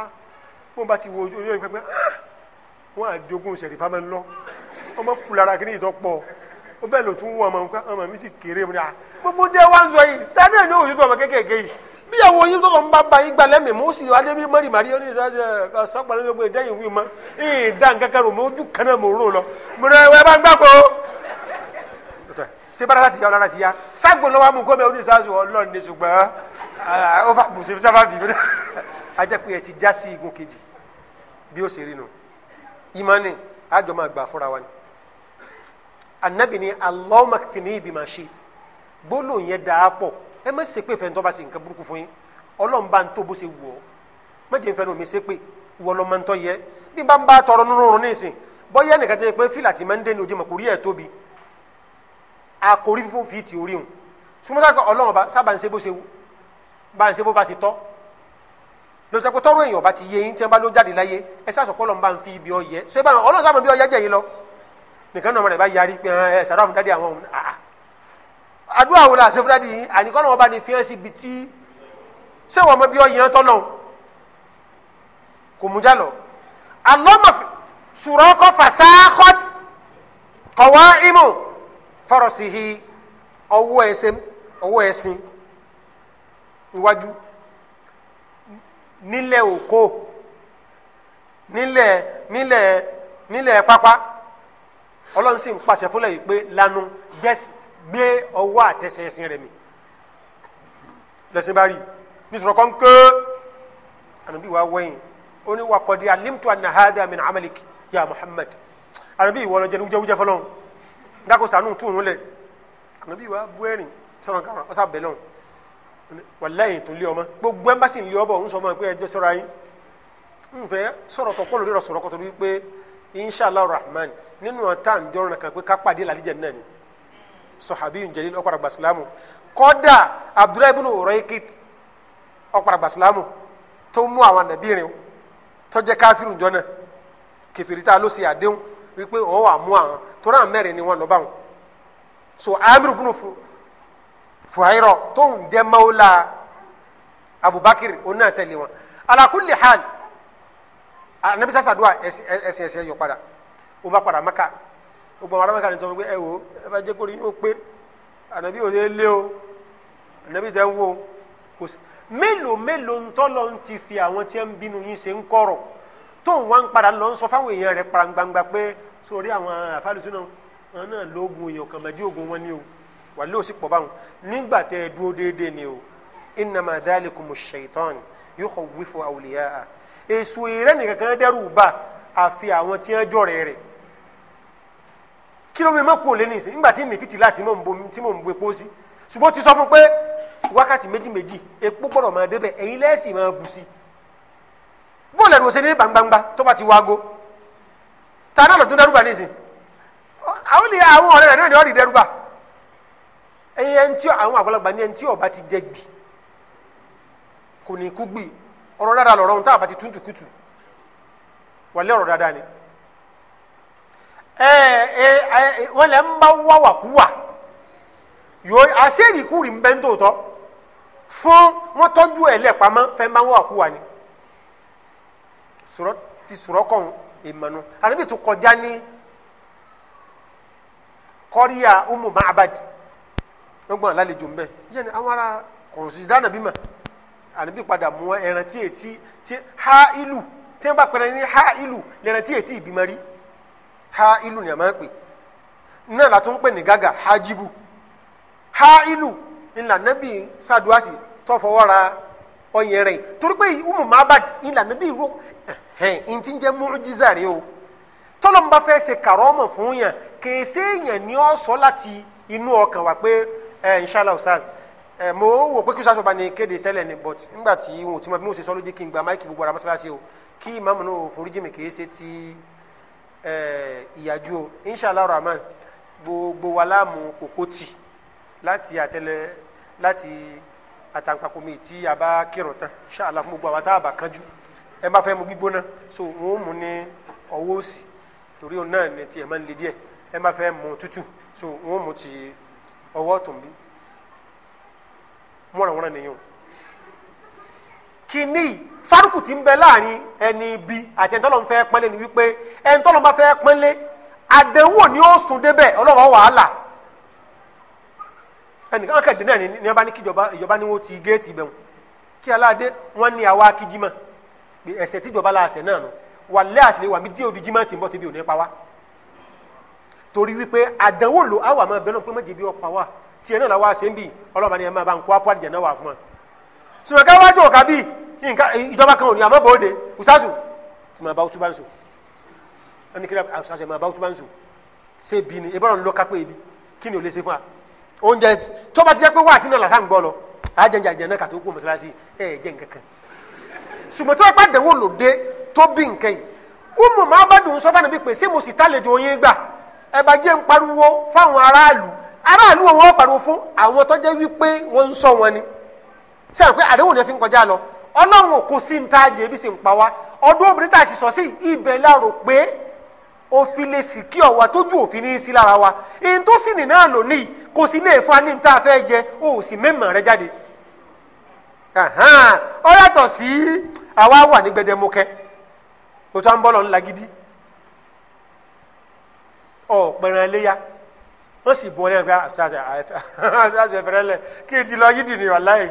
bó ba ti wo ojú ọjọ́ ìpẹ́pẹ́ wọn àjogún ṣẹ̀rífà máa ọmọ kùlára kí ni ìtọ́pọ̀ ó bẹ́ẹ̀ lò tún wọ́n ọmọ nǹkan ọmọ mi sì kéré mu dáa gbogbo dé wá ń sọ yìí tá náà ni òṣèlú ọmọ kékèké yìí bí àwọn oyin tó lọ ń bá ba yín gba lẹ́mìí mú sí adé bí mọ́rì màrí oní ìsọ́sẹ́ sọ́gbà ló ń gbé jẹ́yìn wí mọ́ ìyìn dá nǹkan kan rò mọ́ ojú kan náà mò ń rò lọ mo rẹ ẹ bá ń gbà kó. ṣé bára láti ya ọ̀la láti ya ságbó lọ́wọ́ mú kó mi oní ìsọ́sẹ́ ọlọ́run anabi ni allahumma kfini bima shit gbólóhùn yẹn dáa pọ̀ ẹ má ṣépè fẹ́ ntọ́ bá ṣe nǹkan burúkú fún yín ọlọ́run bá ń tó bó ṣe wù ọ́ méje ń fẹ́ nu mi ṣépè wọ́n lọ́ máa ń tọ́ yẹ bí n bá ń bá tọrọ nínú oorun nísìn bọ́yá nìkan tẹ́ pé fílà tí máa ń dé ní ojúmọ̀ kò rí ẹ̀ tóbi àkórí fífún fi ti orí hùn súnmọ́ sáà ọlọ́run bá sábà ń ṣe bó ṣe wù bá ń ṣe bó bá ṣe tọ́ lóòótọ́ pé tọ́rọ èèyàn bá ti yé yín tí wọ́n bá jáde láyé ẹ sáà sọ pé ọlọ́run bá ń fi ibi ọ yẹ ṣé báwọn ọlọ́run sábà ń bí ọ yẹ jẹ́ yín lọ nìkan náà ọmọ rẹ̀ bá yarí pé ẹ sàrà fún dádì àwọn ọmọ àà ah, ah. àdúrà wo la ṣe fún dádì yìí àníkọ́ náà wọ́n bá ní fi hàn sí ibi tí ṣé wọ́n mọ bí ọyàn tọ́ náà kò mú jà lọ. alọ́mọ sùrọ́kọ fasahot kọ̀wá imú fọ̀rọ̀sìhì ọwọ́ ẹsẹ̀ ọwọ́ ẹ̀sìn iwájú nílẹ̀ òkó nílẹ̀ nílẹ̀ nílẹ̀ pápá ọlọ́run sì ń pàṣẹ fúnlẹ̀ yìí pé lanu gbé ọwọ́ àtẹsẹ̀ ẹ̀sìn rẹ̀ mi lẹ́sìn bá rí nítorí kan ké ànàbí wa wẹ̀yìn ó ní wakọ̀dí alimtu anahada min amalik ya muhammad ànàbí ìwọ ọlọ́jẹ́ ní wújẹ́wújẹ́ fọlọ́n dákò sànú tún òun lẹ̀ ànàbí wa bú ẹ̀rìn sọ̀rọ̀ kàrọ̀ ọ̀sà bẹ̀ lọ́n wàláyé tó lé ọmọ gbogbo ẹ̀mbásí ń lé ọ bọ̀ ń sọ ọmọ pé ẹjọ́ sọ́ra yín ń fẹ́ sọ̀rọ̀ tọ́pọ̀ lórí rọ̀ sọ̀rọ̀ kọ́tọ́ wípé inshallah rahman nínú ọ̀tá ǹdọ́rùn kan pé ká pàdé làlíjẹ náà ni sahabiyun jalil ó padà gba Ìsìlámù kọ́dà abdullahi ibn uraykit ó padà gba Ìsìlámù tó mú àwọn nàbírin tó jẹ́ káfíìrù ǹjọ́ náà kẹfìrí tá a ló ṣe àdéhùn wípé òun wà mú àwọn tó rán mẹ́rin ni wọ́n lọ bá wọn so amiru bunu fuhairọ tó ń jẹ́ mawla abubakar onáà tẹ̀lé wọn ala kulli anabi sasa do a ẹsẹ ẹsẹ yọ padà ó bá padà maka ó gbọ́n ará maka ni sọ pé ẹ wo ẹ bá jẹ́ kórìí ó pé anabi ò lè lé o anabi tẹ́ ń wo kò sí mélòó mélòó ntọ́lọ́ ń ti fi àwọn tí ń bínú yín ṣe ń kọ̀rọ̀ tó ń wá ń padà lọ ń sọ fáwọn èèyàn rẹ̀ parangbangba pé sórí àwọn àfàlùsùn náà wọn náà lóògùn èèyàn kan bàjẹ́ òògùn wọn ni o wà lóò sì pọ̀ báwọn nígbà tẹ́ ẹ dúró déédéé ni o innama dhalikum ash-shaytan yukhawwifu awliya'a èso ìrẹ́ nìkan kan dẹ́rù bá àfi àwọn tí wọ́n jọ̀rẹ̀ rẹ̀ kí ló fi mọ́ kúrò lẹ́nu ìsìn nígbà tí ní fìtílà tí mò ń bo epo sí ṣùgbọ́n ti sọ fún pé wákàtí méjì méjì epo gbọ́dọ̀ máa débẹ̀ ẹ̀yin lẹ́sìn máa bù sí bóòlù ẹ̀rù ṣe ní gbangbangba tó bá ti wáago ta náà lọ́dún dẹ́rùbà ní ìsìn àwọn ilé àwọn ọ̀rẹ́ rẹ̀ náà ni wọ́n rí dẹ́rùbà ẹ̀yin ẹni tí àwọn àgbàlagbà ní ẹni tí ọba ti jẹ gbì kò ní kú gbì ọrọ dada lọrọ ohun tá a bá ti tún tukutu ni wọ́n lẹ́ ń bá wá wàkúwà yóò aṣèrìkúrì ń bẹ́ ń tòótọ́ fún wọ́n tọ́jú ẹ̀ lẹ́pamọ́ fẹ́ ń bá wá wàkúwà ni sọ̀rọ̀ ti sọ̀rọ̀ kàn ìmọ̀nù àníbi tó kọjá ní kọ́ríà umu mahabad wọ́n gbọ́n àlálejò ń bẹ̀ yẹn ni àwọn ará kọ̀ọ̀sì dáná bímọ. ànábì padà mú ẹran tí ètí ha ilu tí wọn bá pẹrẹ ní ha ilu lẹran tí ètí ìbímọ rí ha ilu ni a máa ń pè náà látún pè ní gàgà ha ha ilu ńlá nábì sàdúrásì tó fọwọ́ ra ọyàn torí pé umu mahabad ńlá nábì ro ẹ̀hìn ntí ń jẹ́ o tọ́lọ́mùbá fẹ́ ṣe kàrọ́ọ̀mọ̀ fún yàn kèsè yàn ni ó sọ láti inú ọkàn wá pé ẹ mo wò pé kí sasọ bá ní kéde tẹ́lẹ̀ ni but nígbà tí wọn ò ti mọ bí mo ṣe sọ lójú kí n gba máìkì gbogbo ara mọ́ṣáláṣí o kí ìmáàmù náà foríjì mi kì í ṣe ti ìyàjú o inshallah rahman gbogbo wa láàmú kókó tì láti àtẹlẹ láti àtàǹpàkò mi tí a bá kírun tán inshallah fún gbogbo àwa tá a bá kánjú ẹ bá fẹ́ mu gbígbóná so wọn ò mú ní ọwọ́ òsì torí òun náà ni tiẹ̀ máa ń le díẹ̀ ẹ bá fẹ́ mu tútù so wọn ò mú ti ọwọ́ tòun bí. wọ́nrawọ́nra nìyẹn o kìíní fárúkù ti ń bẹ láàrin ẹni ibi àti ẹni tọ́lọ́ ń fẹ́ pẹ́lẹ́ ni wípé ẹni tọ́lọ́ bá fẹ́ pẹ́lẹ́ ni ó sùn débẹ̀ ọlọ́wọ́ wàhálà ẹnìkan kẹ̀dé náà ni wọ́n ní ìjọba ni wọ́n ti géètì bẹ̀rù kí aláàdé wọ́n la náà nù wà lẹ́ àṣìlẹ̀ wà tí odi ti ń bọ̀ tẹ́bi ò ní pa wá torí wípé lò áwà máa pé má tiẹ̀ náà làwọn àṣẹ ń bì ni ẹ máa bá ń kó apá àdìjẹ náà wà fún wa. sùgbọ́n ká wájú ọ̀ka bíi ìjọba kan ò ní àmọ́ bòóde ùsàsù máa bá ọtúbà ń sùn ẹni kí ùsàsù máa bá ọtúbà ń sùn ṣé bí ni ebi ọ̀run ló kápẹ́ ibi kí ni ò lè ṣe fún wa. oúnjẹ tó bá ti jẹ́ pé wáàsí náà làṣà ń gbọ́ lọ àjẹjẹ àjẹ náà kàtó kú mọ́ṣáláṣí ẹ̀ jẹ́ nǹkan kan ṣùgbọ́n tó ẹ̀pá dẹ̀wò lòdè umu muhammadu sọ fún mi pé ṣé mo sì tálejò yín gbà ẹ bá aráàlú wọn wọ́n pariwo fún àwọn tó wípé wọn ń sọ wọn ni sẹ́yìn pé àdéhùn ni fi ń kọjá lọ ọlọ́run kò sí ń ta jẹ́ ibi ń pa wá ọdún obìnrin sọ sí ibẹ̀ la pé òfin lè sì kí ọ̀wà tójú òfin ní í sí lára wa ihun tó sì lò ní kò sí lè fún aní o si sì rẹ jáde yàtọ̀ sí àwa wà ní gbẹdẹmukẹ tó tó ń bọ́ lọ ńlá gidi ó sì bọ́ lẹ́yìn pé ah, ṣáṣẹ ah, ẹ̀fẹ̀rẹ́ lẹ̀ kí n ti lọ yídì ní wàláyé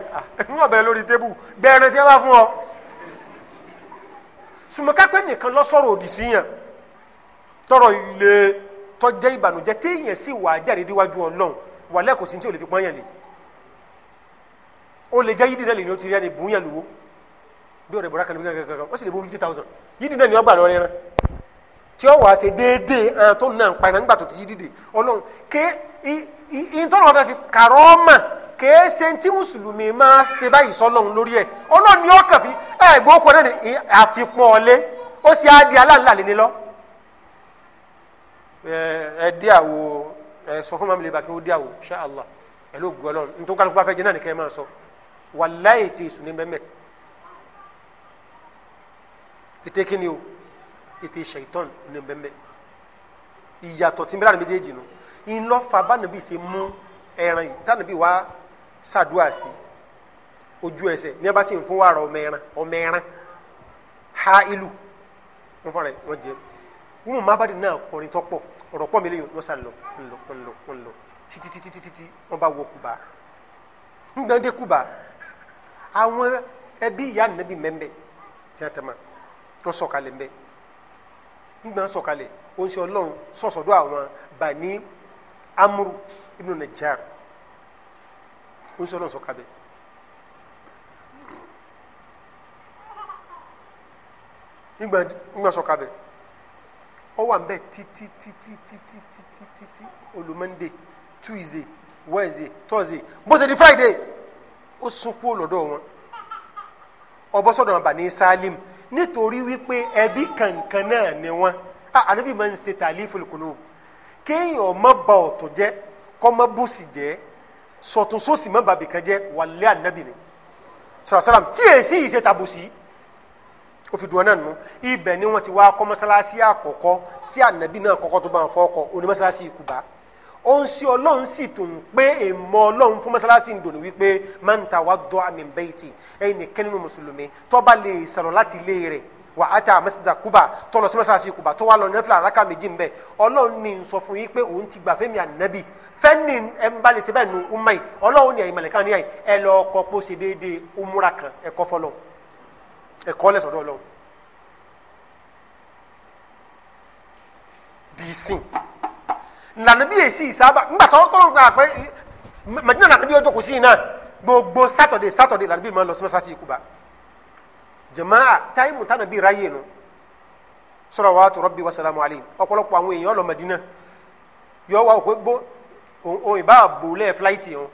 ń ọ̀bẹ lórí tébù bẹ́ẹ̀rẹ̀ tí a bá fún ọ. sùmọ́kápẹ́ nìkan lọ sọ̀rọ̀ òdì sí yàn tọrọ ilé tọjẹ́ ìbànújẹ́ téèyàn sì wà jáde níwájú ọlọ́run wàlẹ́ kò sí tí o lè fi pọ́n yàn lé o lè jẹ́ yídì náà lè ní o ti rí ẹni bùn yàn lówó bí ọ̀rẹ́ bọ̀rá kan lè bí kankan ó sì lè bó fifty thousand yídì náà ni tí ó wàá ṣe déédéé ẹran tó nà ń pa ẹran nígbà tó ti yí dìde ọlọ́run ké ìtọ́nà ọ̀fẹ́ fi kàrọ́ọ̀mà kèé ṣe tí mùsùlùmí máa ṣe báyìí sọlọ́run lórí ẹ̀ ọlọ́run ni ó kàn fi ẹ̀ gbókò náà ní àfikún ọ̀lẹ́ ó ṣe á di aláǹlà lé ní lọ. ẹ dí àwo ẹ sọ fún mami lè ó dí àwo insha Allah ẹ ló gbọ́ ọlọ́run nítorí kálukú bá fẹ́ jẹ náà nìkan ẹ máa sọ wàláyé ètè ìsúnlẹ̀ mẹ́mẹ́ ètè kí o ètè ṣèitọ́n ní bẹ́ẹ̀ ìyàtọ̀ tí mìíràn méjèèjì nù ńlọ́fà bánàbí ṣe mú ẹran yìí tánàbí wá ṣàdúrà sí ojú ẹsẹ̀ ní abá sì ń fún wàrà ọmọ ẹran ọmọ ẹran ha ìlú wọn fọnrẹ wọn jẹ wọn mú abáde náà kọrin tọpọ ọ̀rọ̀ pọ̀ mi lẹ́yìn wọn sá lọ ńlọ ńlọ ńlọ títítítítítí wọn bá wọ kùbà ńgbẹ́ndé kùbà àwọn ẹbí ìyá nàbí mẹ́mbẹ́ tí a sọ̀kalẹ̀ mbẹ́ nígbà sọ̀kalẹ̀ ó ń ṣe ọlọ́run sọ̀sọ̀dọ̀ àwọn bani amuru ibnu najjar ó ń ṣe ọlọ́run sọ̀kalẹ̀. nígbà sọ̀kalẹ̀ ó wà nbẹ títí títí títí títí títí olùmọ̀ndé tuesday wednesday thursday bó ṣe di friday ó sunkún lọ́dọ̀ wọn ọbọ̀ sọ̀dọ̀ wọn bani salim nítorí wípé ẹbí kankan náà ni wọ́n ànábì máa ń ṣe tàlífù kùnú kéèyàn ọmọ bá ọ̀tún jẹ́ kọ́mọ bùsì jẹ́ sọ̀tún sósì má bàbí kan jẹ́ wàlẹ́ ànábì ni sàràsàràm tí èsì yìí ṣe tàbùsì ó fi dùn náà nù ibẹ̀ ni wọ́n ti wá kọ́ mọ́sálásí àkọ́kọ́ tí ànábì náà kọ́kọ́ tó bá ń fọ́ ọkọ̀ onímọ́sálásí Kùbá. ó ń sí ọlọ́run sì tún pé èèmọ̀ ọlọ́run fún mọ́sálásí ń dòní wípé máa ń ta wá dọ́ àmì bẹ́ẹ̀tì ẹ̀yìn nìkan nínú mùsùlùmí tọ́ba lè láti ilé rẹ̀ wà á ta àmọ́sídà kúbà tọ́lọ sí mọ́sálásí kúbà tó wà lọ méjì ń bẹ̀ ọlọ́run ní sọ fún yín pé òun ti gbà fẹ́mi ànábì fẹ́ni ẹ̀ ń bá lè ṣe bẹ́ẹ̀ nu ọlọ́run ní kan lànà esi saba ìsábà ńgbà tó kọ́ gba àpẹ mẹdínà lànà bí ọjọ́ si sí iná gbogbo saturday sátọ̀dé lànà bí mo lọ sí mọ́sáàsì ìkúba jamaa ta tánà bí ráyè nu sọ̀rọ̀ wa tó rọ́bì wasalamu alayhi ọ̀pọ̀lọpọ̀ àwọn madina lọ mẹdínà yọ wa o bó o ìbá àbòlẹ̀ fúláìtì wọn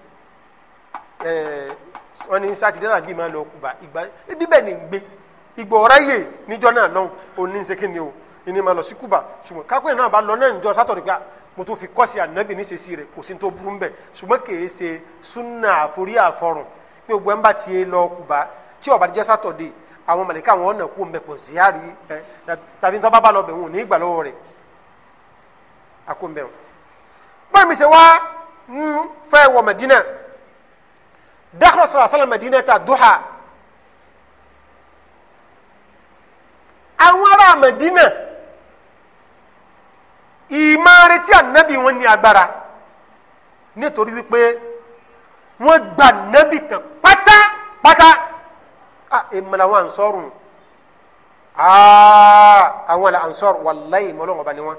wọn ní sátidé lànà bí mo o ma lọ sí kúba ṣùgbọ́n mo tún fi kọ́sí ànábì níṣẹ́sí rẹ̀ kò sí tó burú mbẹ̀ ṣùgbọ́n kìí ṣe súnà àforí àfọrùn pé gbogbo ẹ̀ ń bá ti lọ kùbá tí ọ̀bà jẹ́ sátọ̀dé àwọn màlẹ́kà àwọn ọ̀nà kú mbẹ̀ kò sí àrí ẹ tàbí tó bá bá wọn ò ní ìgbà lọ́wọ́ rẹ̀ àkó wọn. báyìí mi ṣe ń fẹ́ wọ Madina dákúrò sọ̀rọ̀ àṣàlẹ̀ Madina ta duha àwọn ará Madina ìmọ̀ọ́rẹ́tì ànábì wọn ní agbára nítorí wípé wọ́n gba ànábì tán pátápátá a ah, èmọ̀lá wọn ànsọ́rù ah, àwọn àlà ànsọ́rù wàláyé mọ́lọ́wọ́ba ni wọn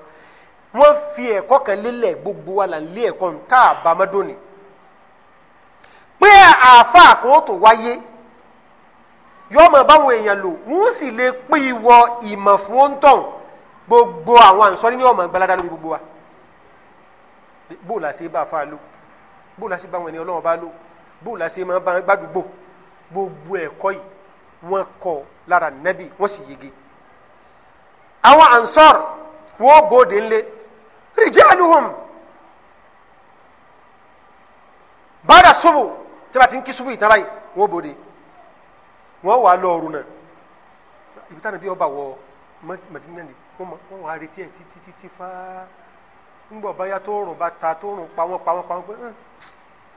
wọ́n fi ẹ̀kọ́ kan lélẹ̀ gbogbo wa là ń lé ẹ̀kọ́ ń tá àbámọ́dóni pé àáfàá kan tó wáyé yọ́ọ́ máa èèyàn lò wọ́n sì lè pè é wọ ìmọ̀ fún ó ń tọ̀hún gbogbo àwọn ànsọ́rí ní ọmọ àgbàládá lórí gbogbo wa bóò la ṣe bá fa lo bóò la ṣe bá wọn ẹni ọlọ́wọ́ bá lo bóò la ṣe máa bá gbàdúgbò gbogbo ẹ̀kọ́ yìí wọ́n kọ́ lára nẹ́bí wọ́n sì yege àwọn ansọ́r wọ́n bóde ńlẹ̀ rijaluhum bada subu tí a bá ti ń kí subu ìtàn báyìí wọ́n bóde wọ́n wà lọ́ọ̀rù náà ibi táwọn ibi ọba wọ mọ́tìmínà nìyí wọ́n mọ̀ wọ́n wà á retí ẹ̀ títí títí fá ńgbọ̀ báyà tó rùn bá ta tó rùn pawọ́n pawọ́n pawọ́n pé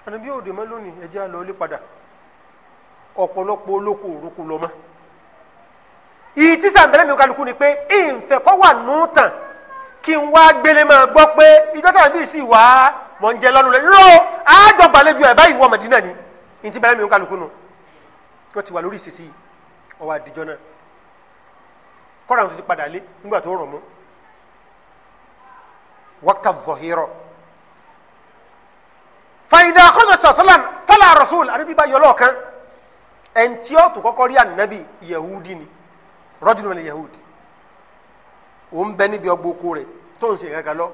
àná bí òde mọ́ lónìí ẹjẹ́ àlọ́ ilé padà ọ̀pọ̀lọpọ̀ olóko òrókò lọ́mọ́ ìyí tí sàǹbẹ̀rẹ̀ mi kálukú ni pé ìǹfẹ̀ kọ́ wà nù tàn kí n wá gbélé máa gbọ́ pé ìjọ́tà bíi sì wá mọ̀ ń jẹ lọ́nu rẹ̀ lọ́ àjọ gbàlejò ẹ̀ báyìí wọ Mẹ̀dínà ni ìyí tí bẹ̀rẹ̀ mi kálukú nù wọ́n ti wà lórí ìsìsì ọwọ́ àdìjọ náà kọ́ra àwọn tó ti padà lé nígbà tó rùn mú wákà zọ̀hírọ̀ fàyidà àkọ́jọ sàṣàlám tálà rasul àríbíbá yọlọ́ kan ẹ̀ǹtí ó tún kọ́kọ́ rí ànábì yahudi ni rọ́jùnú ni yahudi ó ń bẹ níbi ọgbó oko rẹ̀ tó ń ṣe kankan lọ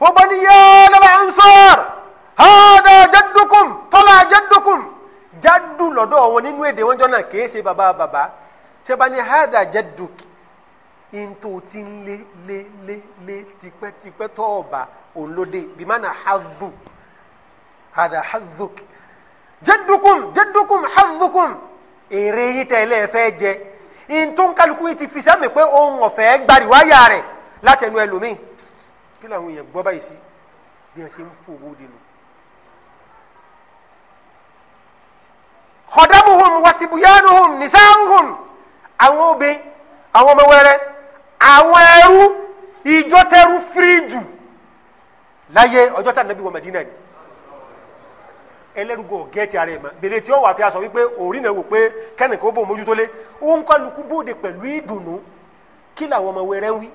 ó bá ní yá lọ́la ansar hada jaddukum tọ́lá jaddukum jaddu lọ́dọ̀ wọn nínú èdè wọn jọ náà kìí ṣe bàbá bàbá tẹ́ bá ní hada jadduki into ti ń lé lé lé lé tipẹ́tipẹ́ tọ́ọ̀bà òun ló dé bimana hadhu hadha hadhuk jaddukum jaddukum hadhukum èrè yìí tẹ̀lé ẹ fẹ́ jẹ into kálukú yìí ti fi sẹ́mi pé òun ọ̀fẹ́ gbariwáyà rẹ̀ látẹnu ẹlòmíì kí làwọn èèyàn gbọ́ báyìí sí bí wọ́n ṣe ń fowó dènù. khadamuhum wasibuyanuhum nisauhum àwọn obìnrin àwọn ọmọ wẹrẹ àwọn ẹrú ìjọ tẹrú firi jù láyé ọjọ́ tá nàbí wọ Mẹdínà ni ẹlẹ́rúgbọ̀n gẹ́ẹ̀tì ara ẹ̀ mọ́ bèrè tí ó wà fi aṣọ wípé òórìn náà wò pé kẹ́nìkan ó bò mójútó lé ó ń kọ́ lukú bóde pẹ̀lú ìdùnnú kí ni ọmọ wẹrẹ ń wí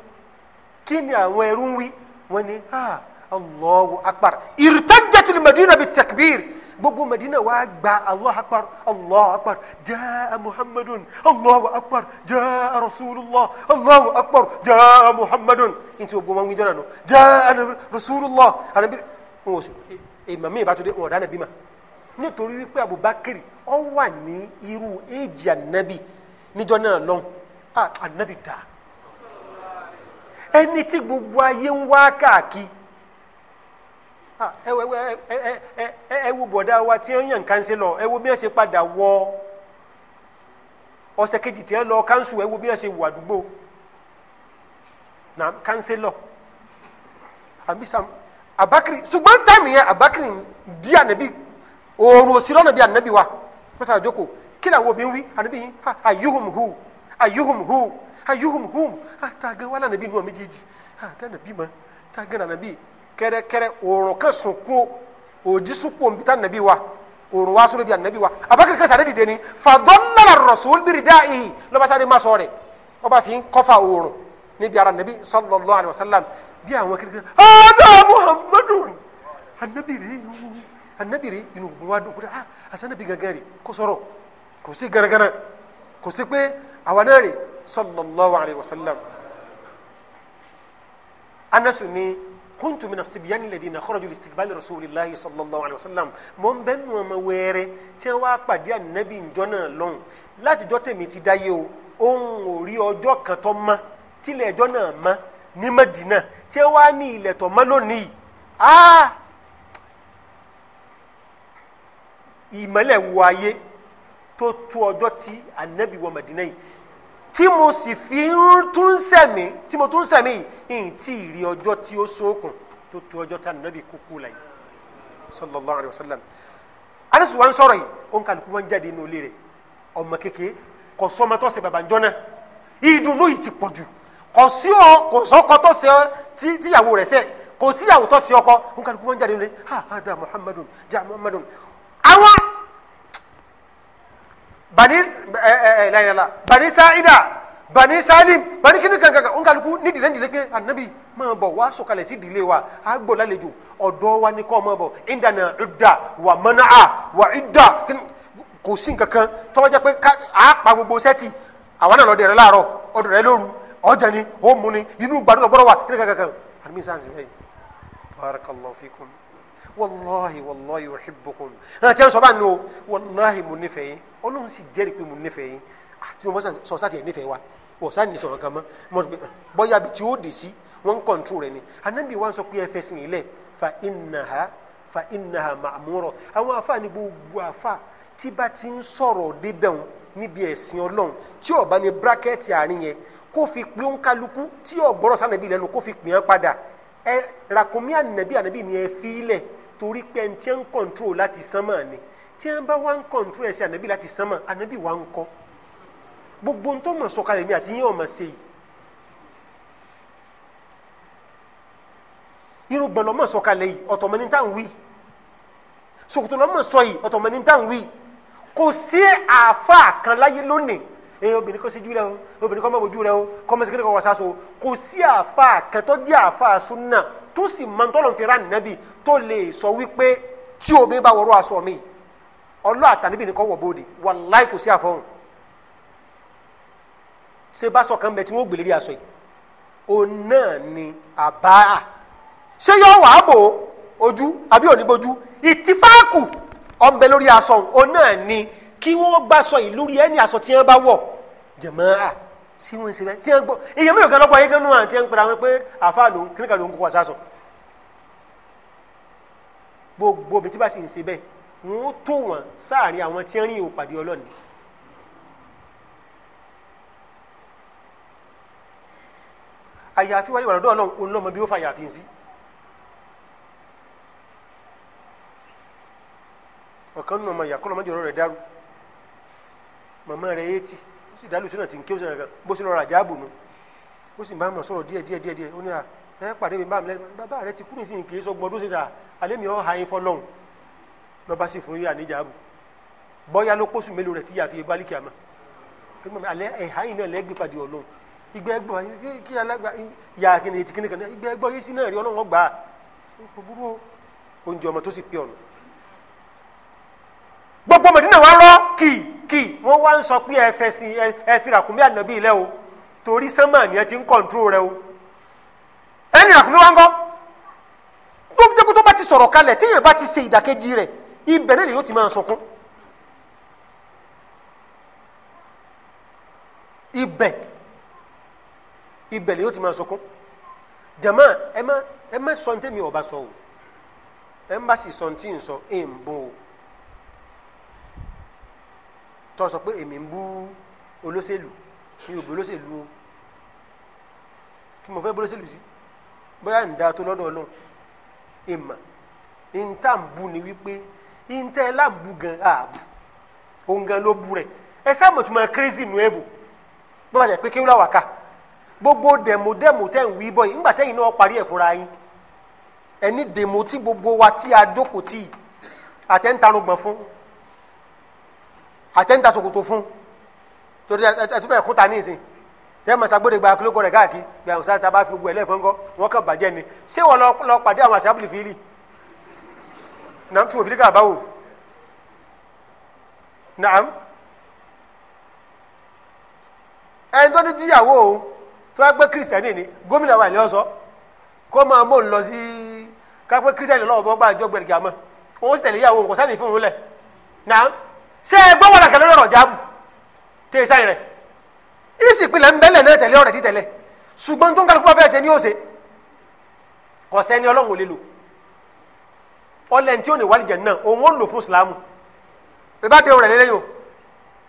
kí ni àwọn ẹrú ń wí wọn ni ah, Allahu akbar irtajjatul Madina bit takbir gbogbo Medina wa gba allah akbar allah akbar jaa muhammadun allah akbar jaa rasulullah allah akbar jaa muhammadun nti o gbogbo wọn wíjọ nànú jaa rasulullah anabi n wò so èèmà mi ìbátúndé wọn ọ̀dà nàbí ma nítorí wípé abubakar ó wà ní irú èjì anabi níjọ náà lọ́n anabi ah, dáa ẹni tí gbogbo ayé ń wá káàkiri. ewu wo bọ̀dá wa tí ń yàn kánṣe lọ ewu bí wọ́n ṣe padà wọ ọ̀sẹ̀ kejì tí wọ́n lọ kánṣu ewu bí wọ́n ṣe wọ àdúgbò na kánṣe lọ àbísà abakiri ṣùgbọ́n táìmù yẹn abakiri di ànábì oorun òsirọ́ nàbí ànábì wa pẹ̀sẹ̀ àjọkò kí làwọn obìnrin wí ànábì yìí ayuhum hu ayuhum hu ayuhum hu ah, tá a gan nù méjèèjì ah, kẹrẹkẹrẹ oorun kan sunkun òjì sunkun òbí tá nàbí wa oorun wa sọ̀rọ̀ bí ànàbí wa abakar kan sáré dìde ni fàdọ́nlára rasul bíi dá èyí lọ́ba sáré má sọ rẹ̀ ọba fi ń oorun níbi ara nàbí sallallahu alayhi wa sallam bí àwọn kẹrẹkẹrẹ ọ̀dọ́ muhammadu ànàbí rẹ̀ ànàbí rẹ̀ inú wa dùn kúrẹ́ ah àsànàbí gangan rẹ̀ kó kò sí garagara kò sí pé àwa náà sallallahu alayhi wa sallam anasu كنت من الصبيان الذين خرجوا لاستقبال رسول الله صلى الله عليه وسلم mo ń bẹnu ọmọ wẹrẹ tí wọn wá pàdé ànábì ìjọ náà lọ́hùn láti jọ tèmi ti dáyé o òun ò rí ọjọ́ kan tó mọ́ tílẹ̀ ẹjọ́ náà mọ́ ní Mẹ́dínà tí wọn wá ní ilẹ̀ tó mọ́ lónìí a ìmọ́lẹ̀ wọ ayé tó tó ọjọ́ tí ànábì wọ Mẹ́dínà yìí tí mo sì fi tún sẹ̀mí tí mo tún sẹ̀mí yìí tí ì rí ọjọ́ tí ó sókun tó tu ọjọ́ tá nàbí kúkú la yìí sallallahu alayhi wa sallam alẹ́sùn wa ń sọ̀rọ̀ yìí ó ń kálukú wọn jáde inú ilé rẹ̀ ọmọ kékeré kò sọmọ tó ṣe bàbàjọ́ náà ìdùnnú yìí ti pọ̀ jù kò sí ọ kò sọkọ tó ṣe tíyàwó rẹ̀ sẹ́ kò síyàwó tó ṣe ọkọ ó jáde inú ilé ha da muhammadun ja muhammadun àwọn bani ẹ ẹ layinala bani sa'ida bani salim bani kini kankan n kaliku ni dile dile pe anabi máa bọ̀ wá sọ̀kalẹ̀ sí dile wa a gbọ́ lálejò ọ̀dọ̀ wa ni kó máa bọ̀ indana idda wa mana'a wa idda kò sí nǹkankan tó bá jẹ́ pé a pa gbogbo sẹ́ẹ̀tì àwọn náà lọ dẹ̀rẹ̀ láàárọ̀ ọdún rẹ lóru ọjà ni ó mu ni inú gbàdúrà gbọ́dọ̀ wà kí ni kankan anabi sáà ń sè barakallahu fikum wàlláhi wàlláhi uhibbukum náà tí wọ́n sọ bá nù o wàlláhi mo nífẹ̀ẹ́ yín ọlọ́run sì jẹ́rìí pé mo nífẹ̀ẹ́ yín ah, tí wọ́n sọ sáà tiẹ̀ nífẹ̀ẹ́ wa wọ́n sáà ní sọ̀rọ̀ kan mọ́ mọ́ pé ah, bọ́yá bí tí ó dì sí wọ́n ń kọ̀ǹtù rẹ̀ ni anábì wa ń sọ pé ẹ fẹ́ sìn ilẹ̀ fa innaha fa innaha ma'mura àwọn afa ni gbogbo afa tí bá ti ń sọ̀rọ̀ débẹ̀ wọn níbi ẹ̀sìn ọlọ́run tí ó bá ní àárín yẹn kó fi pín ó ń kálukú tí ó sànàbí lẹ́nu kó fi pín án padà ẹ ràkúnmí ànàbí ànàbí ni ẹ fi í torí pé ẹni tí ń kọ̀ǹtró láti sánmà ni tí ń bá wá ń kọ̀ǹtró ẹ̀ sí ànábì láti sánmà ànábì wá ń kọ́ gbogbo ń tó mọ̀ sọ̀kalẹ̀ mi àti yín ọ̀mọ̀ ṣe yìí irun gbọ̀n lọ́mọ̀ sọ̀kalẹ̀ yìí ọ̀tọ̀ mẹ́ni tá à ń wí ṣòkòtò lọ́mọ̀ sọ yìí ọ̀tọ̀ mẹ́ni tá à ń wí kò sí àáfàá kan láyé lónìí ẹ obìnrin kò síjú rẹ o obìnrin kò mọ̀ ojú rẹ o kọ́mọ̀sí kò tó sì máa ń tó lè sọ wípé tí omi bá wọrọ aṣọ mi ọlọ́ àtàníbì ni kò wọ̀ bóde wàláì kò sí àfọ̀hún ṣé bá sọ kan bẹ tí wọ́n gbèlérí aṣọ yìí òun náà ni àbá à ṣé yọ wàá bò ojú àbí òní bójú ìtìfáàkù ọ̀nbẹ lórí aṣọ òun náà ni kí wọ́n gbàṣọ yìí lórí ẹni aṣọ tí bá wọ̀ jẹ̀mọ́ à sí wọn ṣe bẹ́ẹ̀ sí ẹ gbọ́ èèyàn mélòó kan lọ́gbọ́ ayé gánú àti ẹ̀ ń pera wọn pé àáfàá lòun kíníkà lòun kókó àṣà sọ gbogbo òbí tí bá sì ń ṣe bẹ́ẹ̀ wọn ó tó wọn sáàrin àwọn tí ń rìn òpàdé ọlọ́ni. àyàfi wàlẹ̀ wàlọ́dọ̀ ọlọ́run òun lọ́mọ bí ó fa àyàfi ń sí. ọ̀kan nínú ọmọ ìyá kọ́ lọ́mọdé ọ̀rọ̀ rẹ̀ dárú màmá rẹ̀ yéé tì sì dálù sínú àti nkéwòsàn kankan bó sì lọ́ra àjáàbò nu ó sì bá mọ̀ sọ̀rọ̀ díẹ̀ díẹ̀ díẹ̀ díẹ̀ ó ní à ẹ pàdé mi bá mi lẹ́nu bàbá rẹ ti kú nísìnyí kì í sọ gbọ́dọ̀ sí ta alẹ́ mi ọ̀ ha yín fọlọ́hún lọ́ba sì fún yíyà níjàábù bọ́yá ló pósù mélòó rẹ̀ tíyà fi balẹ̀ kìámà kí mọ̀ alẹ́ ẹ̀há yìí náà lẹ́gbẹ̀ẹ́ pàdé ọlọ́hún ìgbẹ́ ẹgbọ́ kí alágbà yà kìnìyàn ti kìnìkan ìgbẹ́ ẹgbọ́ yìí sí náà rí ọlọ́hún ọgbà gbogbo mẹdínà wa rọ kì kì wọn wá ń sọ pé ẹ fẹsìn ẹ fi ràkúnmí ànábì ilẹ o torí sánmà ni ẹ ti ń kọńtró rẹ o ẹni ràkúnmí wa ń gọ gbogbo tó bá ti sọ̀rọ̀ kalẹ̀ tíyẹn bá ti ṣe ìdàkejì rẹ̀ ibẹ̀ náà lèyìn ó ti máa sọkún ibẹ̀ ibẹ̀ lèyìn ó ti máa sọkún jama ẹ má ẹ má sọ ní tẹ́mi ọba sọ o ẹ má sì sọ ní tí ń sọ ẹ ń bọ́ o tó sọ pé èmi ń bú olóṣèlú mi ò bú olóṣèlú o kí mo fẹ́ bú olóṣèlú sí bóyá ń da tó lọ́dọ̀ ọlọ́run ìmọ̀ ìntà ń bu ni wípé ìntà ẹ̀ láǹbu gan ààbò òun gan ló bu rẹ̀ ẹ sáàmù tó máa kérésì nù ẹ̀ bò bó bá jẹ́ pé kéwìlà wà ká gbogbo dẹ̀mú dẹ̀mú tẹ̀ ń wí bọ́yì ńgbà tẹ̀yìn náà parí ẹ̀ fúnra yín ẹni dẹ̀mú tí gbogbo wa tí a dókòó tì àtẹ̀ńtanugbọ̀n fún àtẹ́ńtà ṣòkòtò fún torí ẹtúfẹ́ ẹ̀kúta ní ìsìn tẹ́lẹ̀ masagbóde gba kílókò rẹ̀ káàkiri bí àwọn sáà tábà fi gbogbo ẹlẹ́fọ̀n kọ́ wọ́n kàn bàjẹ́ ni ṣé wọ́n lọ pàdé àwọn àṣàbùlì fìlì náà tún òfìlì kà báwò náà ẹni tó ní jíyàwó o tó wá pé kírísítẹ́nì ni gómìnà wa ilé ọ̀sọ́ kó máa mọ̀ ń lọ sí kápẹ́ kírísítẹ́nì lọ́wọ́ bọ́ gbà jọ́gbẹ̀rẹ̀ gàmọ́ òun sì tẹ̀lé ìyàwó òun kò sáà ní fún òun lẹ̀ náà ṣé é gbọ́ wàlàkà lórí ọ̀rọ̀ jáàbù tẹ̀ sáré rẹ̀ ìsìpìlẹ̀ ń bẹ́lẹ̀ náà tẹ̀lé ọ̀rẹ́ dí tẹ̀lé ṣùgbọ́n tó ń kálukú bá fẹ́ ṣe ni ó ṣe kò sẹ́ni ọlọ́run ò lè lò ọlẹ́ tí ó ní wàlìjẹ̀ náà òun ó lò fún ìsìlámù ìbá dé rẹ̀ lélẹ́yìn o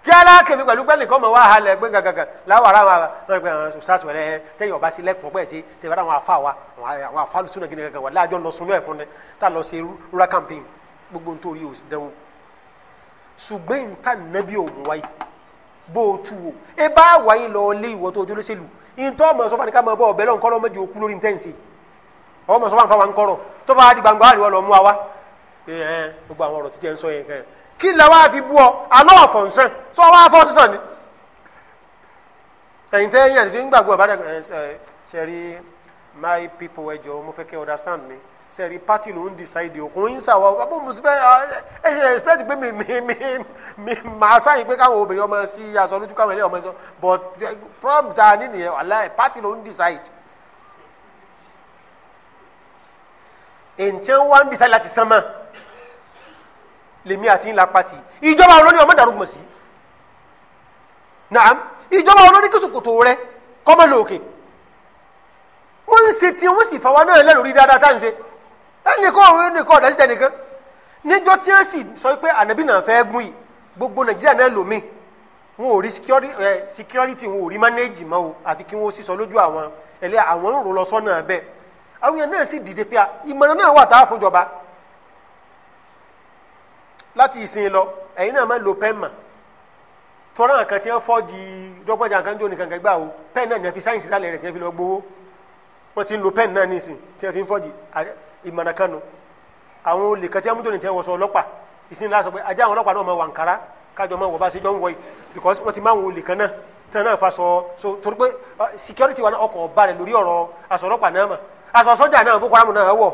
kí alákèmí pẹ̀lú pẹ́ẹ́lì kọ́ mọ̀ wá halẹ̀ gbé gàgàgà láwọn ará wọn rẹ̀ pé àwọn sòsà sọ̀rẹ́ tẹ́yìn ọba sí lẹ́kùn pẹ́ sí tẹ́yìn ọba àwọn afa wa àwọn afa lùsùn náà gidi wà láàjọ lọ sunu ẹ̀ fún ẹ tá lọ sí rúra campaign gbogbo nítorí òsì dẹ́wọ̀n ṣùgbọ́n nta nàbí òun wáyé bó o tu o ẹ bá wáyé lọ lé ìwọ tó dúró sílùú ìtọ́ ọmọ sọ́fà ní ká máa bọ́ ọ̀bẹ lọ́n kọ́ lọ́mọdé òkú lórí ntẹ́ǹsì ọmọ sọ́fà nǹkan wa ń kọ́rọ̀ tó bá di gbangba àríwá lọ mú wa wá gbogbo àwọn ọ̀rọ̀ títẹ̀ ń sọ yẹn kẹ́ kí la wá fi bú ọ alọ́ àfọ̀nsán sọ wá fọ́ tó sàn ní. ẹ̀yin tẹ́ yẹn ti ń gbàgbọ́ àbádẹ́ ṣe rí my people ẹjọ́ mo fẹ́ kẹ́ understand mi sẹ́ẹ̀rí pátì ló ń decide òkun ń sàwọ́ bàbá mo sì fẹ́ ẹ ṣe respect pé mi mi mi mi màá sáyìn pé káwọn obìnrin ọmọ sí aṣọ lójú káwọn ilé ọmọ sọ but problem ta ni nìyẹn wàhálà pátì ló ń decide. ẹ̀ǹtẹ́ wá ń decide láti sánmà lèmi àti ńlá pátì ìjọba olórí ọmọ dàrúgbọ̀n sí naam ìjọba olórí kìsùkùtù rẹ kọ́mọ lòkè wọ́n ń ṣe tiẹ̀ wọ́n sì fà wá náà lẹ́rù rí dáadáa tá à ń ṣe ẹnìkan òun ẹnìkan ọ̀dà síta nìkan níjọ́ tí wọ́n sì sọ pé ànábì náà fẹ́ gún yìí gbogbo nàìjíríà náà lòmíì wọn ò rí security wọn ò rí manage mọ́ o àfi kí wọ́n sì sọ lójú àwọn ẹlẹ́ àwọn ń rò lọ sọ́nà bẹ́ẹ̀ àwọn yẹn náà sì dìde pé ìmọ̀ràn náà wà táà fúnjọba láti ìsìn lọ ẹ̀yin náà máa lo pẹ́ẹ́mà tọ́ra nǹkan tí wọ́n fọ́ di dọ́gbọ́njà nǹkan jó nìkan gbà o pẹ́ẹ́n náà ni wọ́n fi sáyẹ̀nsì sálẹ̀ rẹ̀ tí wọ́n fi lọ gbowó wọ́n ti ń lo pẹ́ẹ́n náà nísìn tí wọ́n fi ń fọ́ di ìmọ̀nà kan nu àwọn olè kẹtí amútó ni tiẹ̀ wọ́sọ ọlọ́pàá ìsìn láti sọ pé ajá àwọn ọlọ́pàá náà máa wà nkárá kájọ máa wọ̀ bá ṣe jọ ń wọ̀ yìí because wọ́n ti máa wọn olè kan náà tán náà fa sọ so torí pé uh, security wa náà ọkọ̀ ọba rẹ̀ lórí ọ̀rọ̀ aṣọ ọlọ́pàá náà mà aṣọ sọ́jà náà boko haram náà wọ̀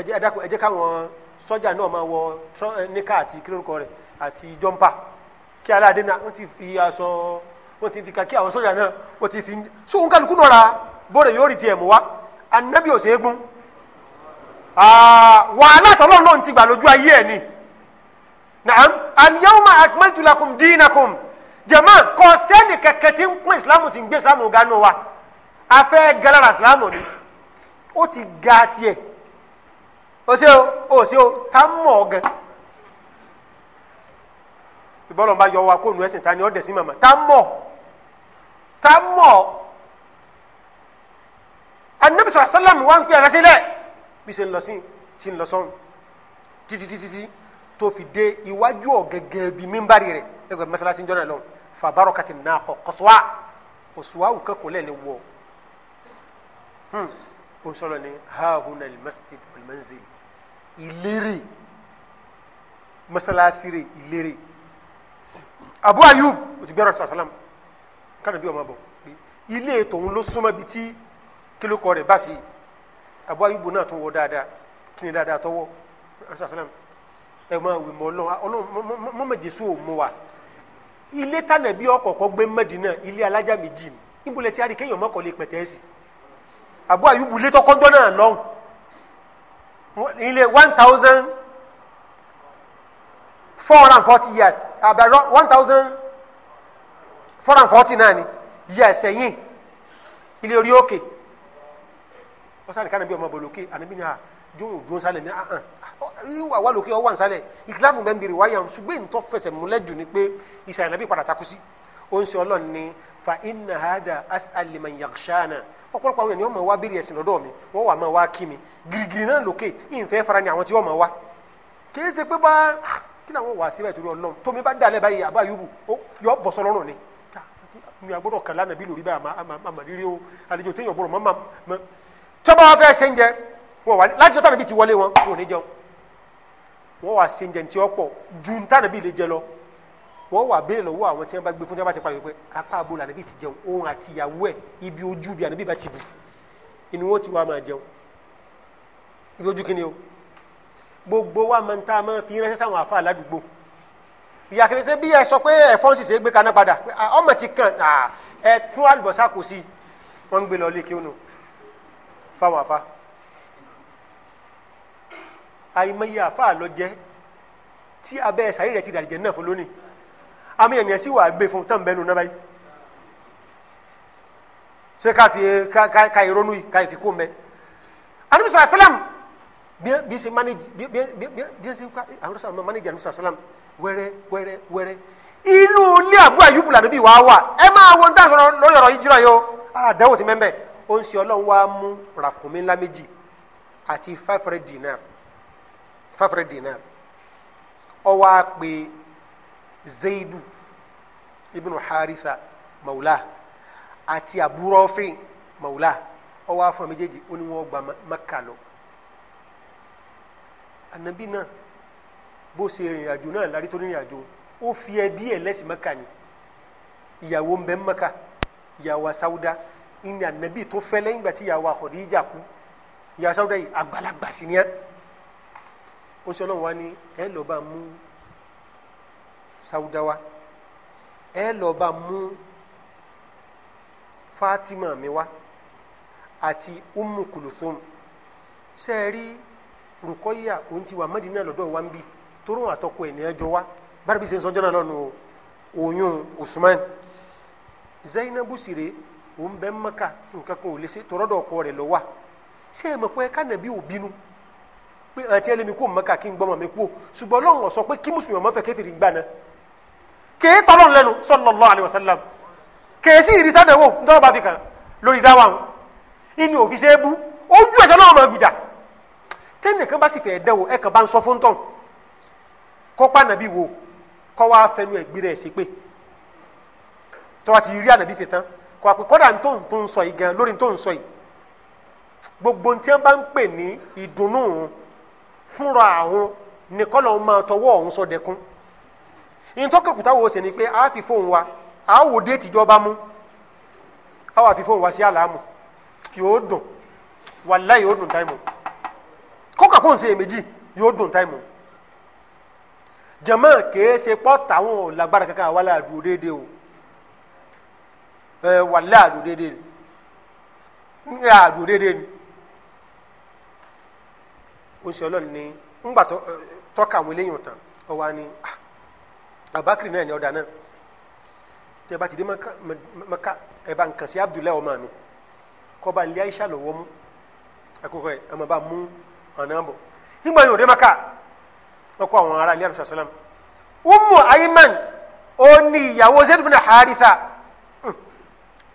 ẹ jẹ́ káwọn sọ́jà náà máa wọ eh, níkà àti kílórúkọ rẹ̀ àti jọ́mpà kí aláàdé náà wọ́n ti fi aṣọ wọ́n ti fi kàkí àwọn sọ́jà náà wọ́n ti fi so nǹkan kúnnọ̀ra bóde yóò rí tiẹ̀ mú wa anabi ò Ah, wàhálà tọ́lọ́ ló ń ti gbà lójú ayé ẹ̀ ni naam al-yawma akmaltu lakum dinakum jama kò sẹ́ni kẹ̀kẹ́ tí ń pín ìsìlámù tí ń gbé ìsìlámù ga nù wa afẹ́ gẹ́lára ìsìlámù ni ó ti ga tiẹ̀ o ṣe o o ṣe o ta mọ̀ ọ́ gan ìbọ́lọ̀ bá yọ wa kó nu ẹ̀sìn ta ni ọ́ dẹ̀ sí màmá ta mọ̀ ta mọ̀ anabi sọ̀rọ̀ sálàmù wa ń pè é rẹ́sílẹ̀ bí ṣe ń lọ sí ti ń lọ sọ́hún títí títí tí tó fi dé iwájú ọ̀gẹ̀gẹ̀ bíi mímbàrí rẹ̀ ẹgbẹ́ mẹ́sàlásí ń jọ́nà lọ́hún fàbárọ̀ kàtí nà kọ̀ kọ́sùwà kọ́sùwà wù kẹ́kọ̀ọ́ lẹ́ni wọ̀ hmm. ó ń sọ̀rọ̀ ní haahuna masjid almanzil ìlérí mẹ́sàlásí rẹ̀ ìlérí abu ayub ó ti gbẹ́rọ̀ sàlám kánàbí ọmọ bọ̀ ilé tòun ló súnmọ́ bíi tí kílókọ̀ bá sí i. Abu Ayyub náà tún wọ dáadáa kí ni dáadáa tọwọ́ ansasalam ẹ máa wí mọ́ ọlọ́run ọlọ́run mọ́mọ́désù ò mú wa ilé tànàbí ọkọ̀ọ̀kọ́ gbé Mẹ́dínà ilé alájà méjì ni níbulẹ̀ tí a kéèyàn mọ́kànlé pẹ̀tẹ́ẹ̀sì Abu Ayyub ilé tọkọ́jọ́ náà lọ́hùn ilé one thousand four hundred and forty years àbẹ̀rọ one thousand four hundred and forty nine ni yẹ̀ ẹ̀sẹ̀ yìí ilé orí òkè. Okay wọ́n sáré kánà bí ọmọ bọ̀ lókè ànábì ni ha jóun dúró sálẹ̀ ní ahàn ìwà wà lókè ọwọ́ nsálẹ̀ ìkìláfù bẹ́ẹ̀ ń bèrè wáyà ṣùgbọ́n ìtọ́ fẹsẹ̀ múlẹ̀ jù ni pé ìsàlẹ̀ ànábì padà takú sí ó ni fa inna hada as'al liman yaghshana ọ̀pọ̀lọpọ̀ àwọn ènìyàn máa wá bèrè ẹ̀sìn lọ́dọ̀ mi wọ́n wà máa wá kí mi girigiri náà lókè ìfẹ́ fara ni àwọn tí wọ́n máa wá pé bá kí ni àwọn wà síbẹ̀ torí ọlọ́run tómi bá dalẹ̀ báyìí àbá yóò yọ bọ̀sọ̀ lọ́rùn ni mi àgbọ̀dọ̀ kàlá nàbí lórí báyìí àmàlírí o àlejò téèyàn gbọ́dọ̀ tọ́ba wọn fẹ́ ṣe ń jẹ wọn wà láti tọ́ta níbi ti wọlé wọn wọn ò ní jẹun wọn wà ṣe ń jẹ ti ọ̀pọ̀ ju níta níbi lè jẹ lọ wọn wà béèrè lọ́wọ́ àwọn tí wọn bá gbé fún tí wọn bá ti parí pé apá àbò làníbi ti jẹun òun àti ìyàwó ẹ̀ ibi ojú bí àníbi bá ti bù inú wọn ti wá máa jẹun ibi ojú kìíní gbogbo wa máa ń tá a máa fi ránṣẹ́ sáwọn àfa aládùúgbò ìyàkiri bí ẹ sọ pé ẹ̀fọ́n sì ṣe é gbé kaná padà ọmọ ti kàn ẹ tún àlùbọ́sà kò sí wọ́n ń gbé lọ lé kí ó nù fáwọn afa àìmọye afa àlọjẹ tí abẹ́ sàyè rẹ̀ ti dàjẹ́ náà fún lónìí àmì ènìyàn sì wà gbé fún tán bẹ́ẹ̀ nù náà báyìí ṣé ká fi ká ká ìrònú yìí ká ìfikún mẹ́ anabi sọ̀rọ̀ asálàmù bien bien manage bien bien bien bien se àwọn sọ ma manage àmì sàlám wẹrẹ wẹrẹ wẹrẹ inú ilé àbúrò àyùbùlà níbí wàá wà ẹ máa wo ní tàbí lórí yìí jìrọ̀ yìí o ara àdáwò ti mẹ́mbẹ́ ó ń ṣe ọlọ́run wá mú ràkúnmí ńlá méjì àti five hundred dinar five hundred dinar ó wá pè zaidu ibnu haritha maula àti aburọ́fin maula ó wá fún méjèèjì ó ní wọ́n gba maka lọ anabi náà bó ṣe rìnrìn àjò náà lárí tó rìnrìn àjò ó fi ẹbí ẹ̀ lẹ́sìn maka ni ìyàwó ń bẹ maka ìyàwó asauda ìní ànábì tó fẹ́ lẹ́yìn ìgbà tí ìyàwó Khadija kú ìyá Sáúdà yìí àgbàlagbà sí ni ẹ́ ó sọ lọ́wọ́ wa ni ẹ lọ́ọ́ bá mú Sáúdà wa ẹ lọ́ọ́ bá mú Fatima mi wa àti Ummu Kulthum sẹ́ẹ̀rí Rukoya òun ti wà wa ń bí toró àtọkọ ẹ̀ ní ẹjọ́ wa bárẹ̀ bí sẹ́ńsọ́jọ́ náà lọ́nu oyún Usman Zainabu sire òun bẹ maka nǹkan kan ò lè ṣe tọrọ dọ ọkọ rẹ lọ wa ṣé ẹ mọ̀ pé kánàbí ò bínú pé àti ẹlẹmi kò maka n gbọmọ mi kú ṣùgbọ́n Ọlọ́run sọ pé kí mùsùlùmí ọmọ fẹ́ kéfìrí gbà náà kèé tọlọ lẹ́nu sallallahu alaihi wasallam kèé sí ìrísà náà wò ntọ́nà bá fi kàn lórí dáwà ń inú òfin ṣe é bú ojú ẹ̀sán náà máa gbìjà tẹ́nìkan bá sì fẹ́ dẹ́wò ẹ̀ kàn wo kọ́ wá fẹnu ẹ̀gbin rẹ̀ ṣépè tọ́wọ́ ti rí ànàbí fi tán kò àpè kọ́dà tó ń tó ń sọ yìí gan sọ yìí gbogbo tí wọn bá ń pè ní ìdùnnú fúnra àwọn nìkan máa tọwọ́ ọ̀hún sọ dẹkùn yìí tó wo sì ni pé a fi fóun wa a wò dé tìjọba mú a wà fi fóun wa sí àlámù yóò dùn wàláì yóò dùn táìmù kókà kó n ṣe èméjì yóò dùn táìmù kèé ṣe pọ́ tàwọn ò lágbára kankan wà láàdúró déédéé o. ẹ wàlẹ́ àdòdédé ni ní àdòdédé ni ó ń ṣe ọlọ́run ní ńgbà eh, tọ́ka àwọn eléyìí ọ̀tàn ọwọ́ ni ah, abakiri náà ni ọ̀dà náà tẹ bá ti dé maka ẹ bá nǹkan sí abdullahi ọmọ mi kọ́ bá nílé aisha lọ́wọ́ mú akókò ẹ ẹ bá mú ọ̀nà bọ̀ nígbà yóò dé maka wọ́n àwọn ará ilé àmì sàlám Ummu Ayman ó ìyàwó Zaid bin Haritha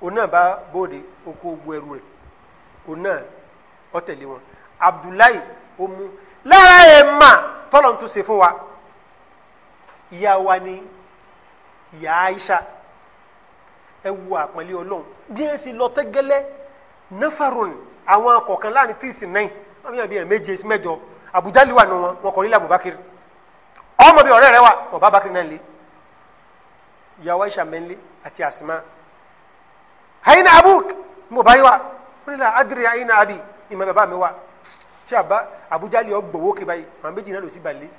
òun náà bá bóde ó kó gbogbo ẹrù rẹ̀ òun wọn abdullahi ó mú lára ẹ̀ mà tọ́lọ̀ tó ṣe fún wa ìyá wa ni ìyá aisha ẹ wo àpọ́nlé ọlọ́run bí ẹ sì lọ tẹ́gẹ́lẹ́ nafarun àwọn akọ̀kan láàrin three sí nine wọ́n yàn bí ẹ̀ méje sí mẹ́jọ àbújá lè wà nù wọn wọn kọ̀ nílẹ̀ abubakar ọmọ bíi ọ̀rẹ́ rẹ wà ọba bakar náà lé ìyá aisha mẹ́lẹ́ àti asima aina abuk mo bá yín wa ó ní la adiri aina abi ìmọ̀ bàbá mi wa tí a bá abuja lè gbowó kí báyìí màá méjì náà lọ sí balẹ̀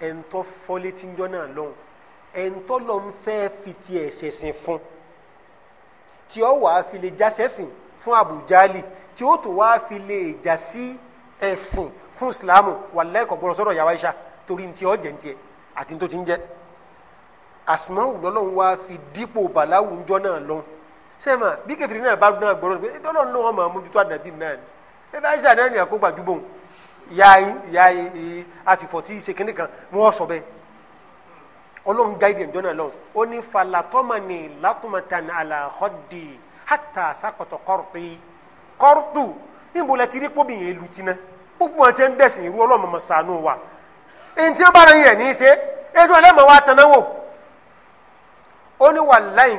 ẹ̀ńtọ́ fọ́lé tí ń jọ́ náà lọ́hùn ẹ̀ńtọ́ lọ ń fẹ́ fi ti ẹ̀sẹ̀ sìn fún tí ó wàá fi lè jásẹ̀ sìn fún abujali tí ó tún wàá fi lè já sí ẹ̀sìn fún islamu wàlẹ́ kò gbọ́dọ̀ sọ́dọ̀ yàwá iṣá torí ntí ọ jẹ́ ntiẹ̀ àti ntó ti ń jẹ́ asmawu lọ́lọ́run wàá fi dípò bàláwù ń jọ́ náà lọ́hùn sẹ́mà bí kẹfìrí náà bá náà gbọ́rọ̀ pé ẹjọ́ lọ́nà wọn máa mójútó àdàbí náà ni ẹ bá ṣe àdáni àkó gbàdúgbò ìyá ìyá àfìfọ́ tí ṣe kínní kan wọ́n sọ bẹ́ẹ̀ ọlọ́run gáìdì ẹ̀jọ́ náà lọ́wọ́ ó ní falatọ́mọ̀nì lakumatan alahọ́dì hàtà sàkọ̀tọ̀ kọ́rùtì kọ́rùtù níbo la ti rí pọ́bì yẹn lu tiná púpọ̀ àti ẹ̀ dẹ̀sìn irú ọlọ́run mọ̀ sànú wa èyí tí ó bára yẹn ní í wa tanáwó ó ní wàláhì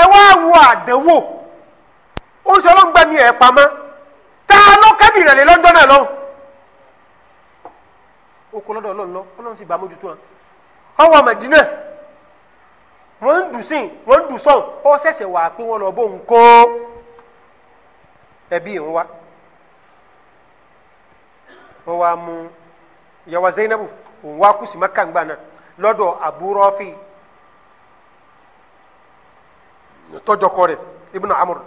ẹ wá wo àdánwò ó sọ ló gbẹmí ẹ pamọ́ tá a lọ kẹ́mi ìrẹ̀lẹ̀ lọ́jọ́ náà lọ. ó kó lọ́dọ̀ ọlọ́run lọ ọlọ́run sì bá mójútó wọn ọwọ́ Mẹ̀dínà wọ́n ń dùn sí wọ́n ń dùn sọ́n ọ ṣẹ̀ṣẹ̀ wà pé wọ́n lọ bó ń kó ẹbí ń wá wá mú Zainabu òun wá náà lọ́dọ̀ àbúrò tọjọ kọ rẹ̀ ibnu amur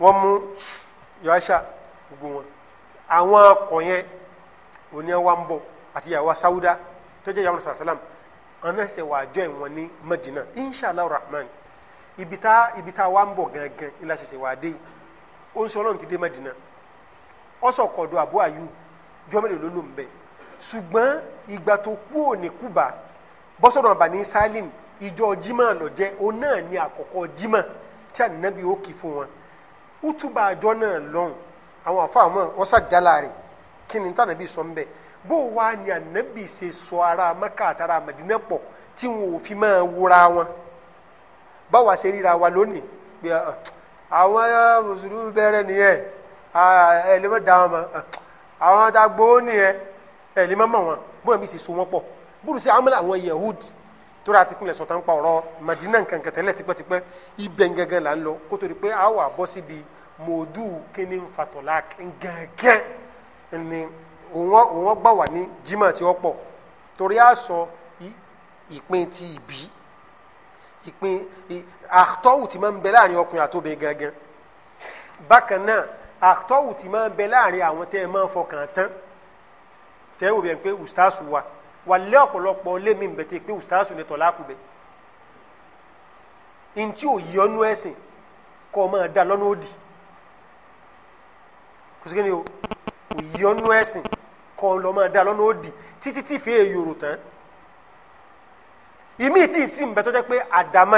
wọ́n mú yọ̀ọ́ṣà gbogbo wọn àwọn ọkọ̀ yẹn òní ẹ̀ wá ń bọ̀ àti ìyàwó sáwúdà tọ́jú ìyàwó sàlám ọ̀nà ẹ̀sẹ̀ wà àjọ ìwọ̀n ní madina inshallah rahman ibi tá ibi tá wa ń bọ̀ gangan ilà ṣẹ̀ṣẹ̀ wà dé ó ti dé madina ọ̀sọ̀ kọ̀dọ̀ àbú ayú jọ́mẹ́lẹ̀ ló ló ń bẹ̀ ṣùgbọ́n ìgbà tó kú òní kúbà bọ́sọ̀dọ̀ ìjọ jimá lọ jẹ o náà ní àkọ́kọ́ jimá tí ànábì ó kì fún wọn útúbà àjọ náà lọ́hùn àwọn àfàmọ́ wọn ṣàjálà rẹ̀ kí ni tànàbí sọ ń bẹ bó wá ní ànábì ṣe sọ ara Mẹ́kà àtàrà Mẹdínà pọ̀ tí wọn ò fi máa wúra wọn báwa ṣe ríra wa lónìí pé àwọn mùsùlùmí bẹ̀rẹ̀ nìyẹn ẹ lè má da àwọn tá a gbowó nìyẹn ẹ lè má mọ wọn bó nàbí ṣe so wọn pọ̀ bó sí àwọn Yahudi tóra ti pinlẹ̀ sọ̀tàn pa ọ̀rọ̀ madina nǹkan kẹtẹ́lẹ̀ tipẹ́tipẹ́ ibẹ̀ gẹ́gẹ́ là ń lọ kó tó di pé a wà bọ́ síbi ni òun gbà wà ní jimá tí ó pọ̀ torí a sọ ìpín ti ìbí ìpín àtọ́wù tí máa ń bẹ láàrin ọkùnrin àtòbìnrin gangan bákan náà àtọ́wù tí máa ń bẹ láàrin àwọn tẹ́ ẹ máa ń fọkàn tán tẹ́ ẹ wò ustaasu wa. wàlẹ́ ọ̀pọ̀lọpọ̀ lémi bẹ̀tẹ̀ pé ustaasu ni tọ́lá ntí ò yí kọ́ ọ máa da lọ́nà òdì o yí kọ́ ọ máa da lọ́nà òdì títí tí fi èyòrò tán ìmí tí ì sí tó pé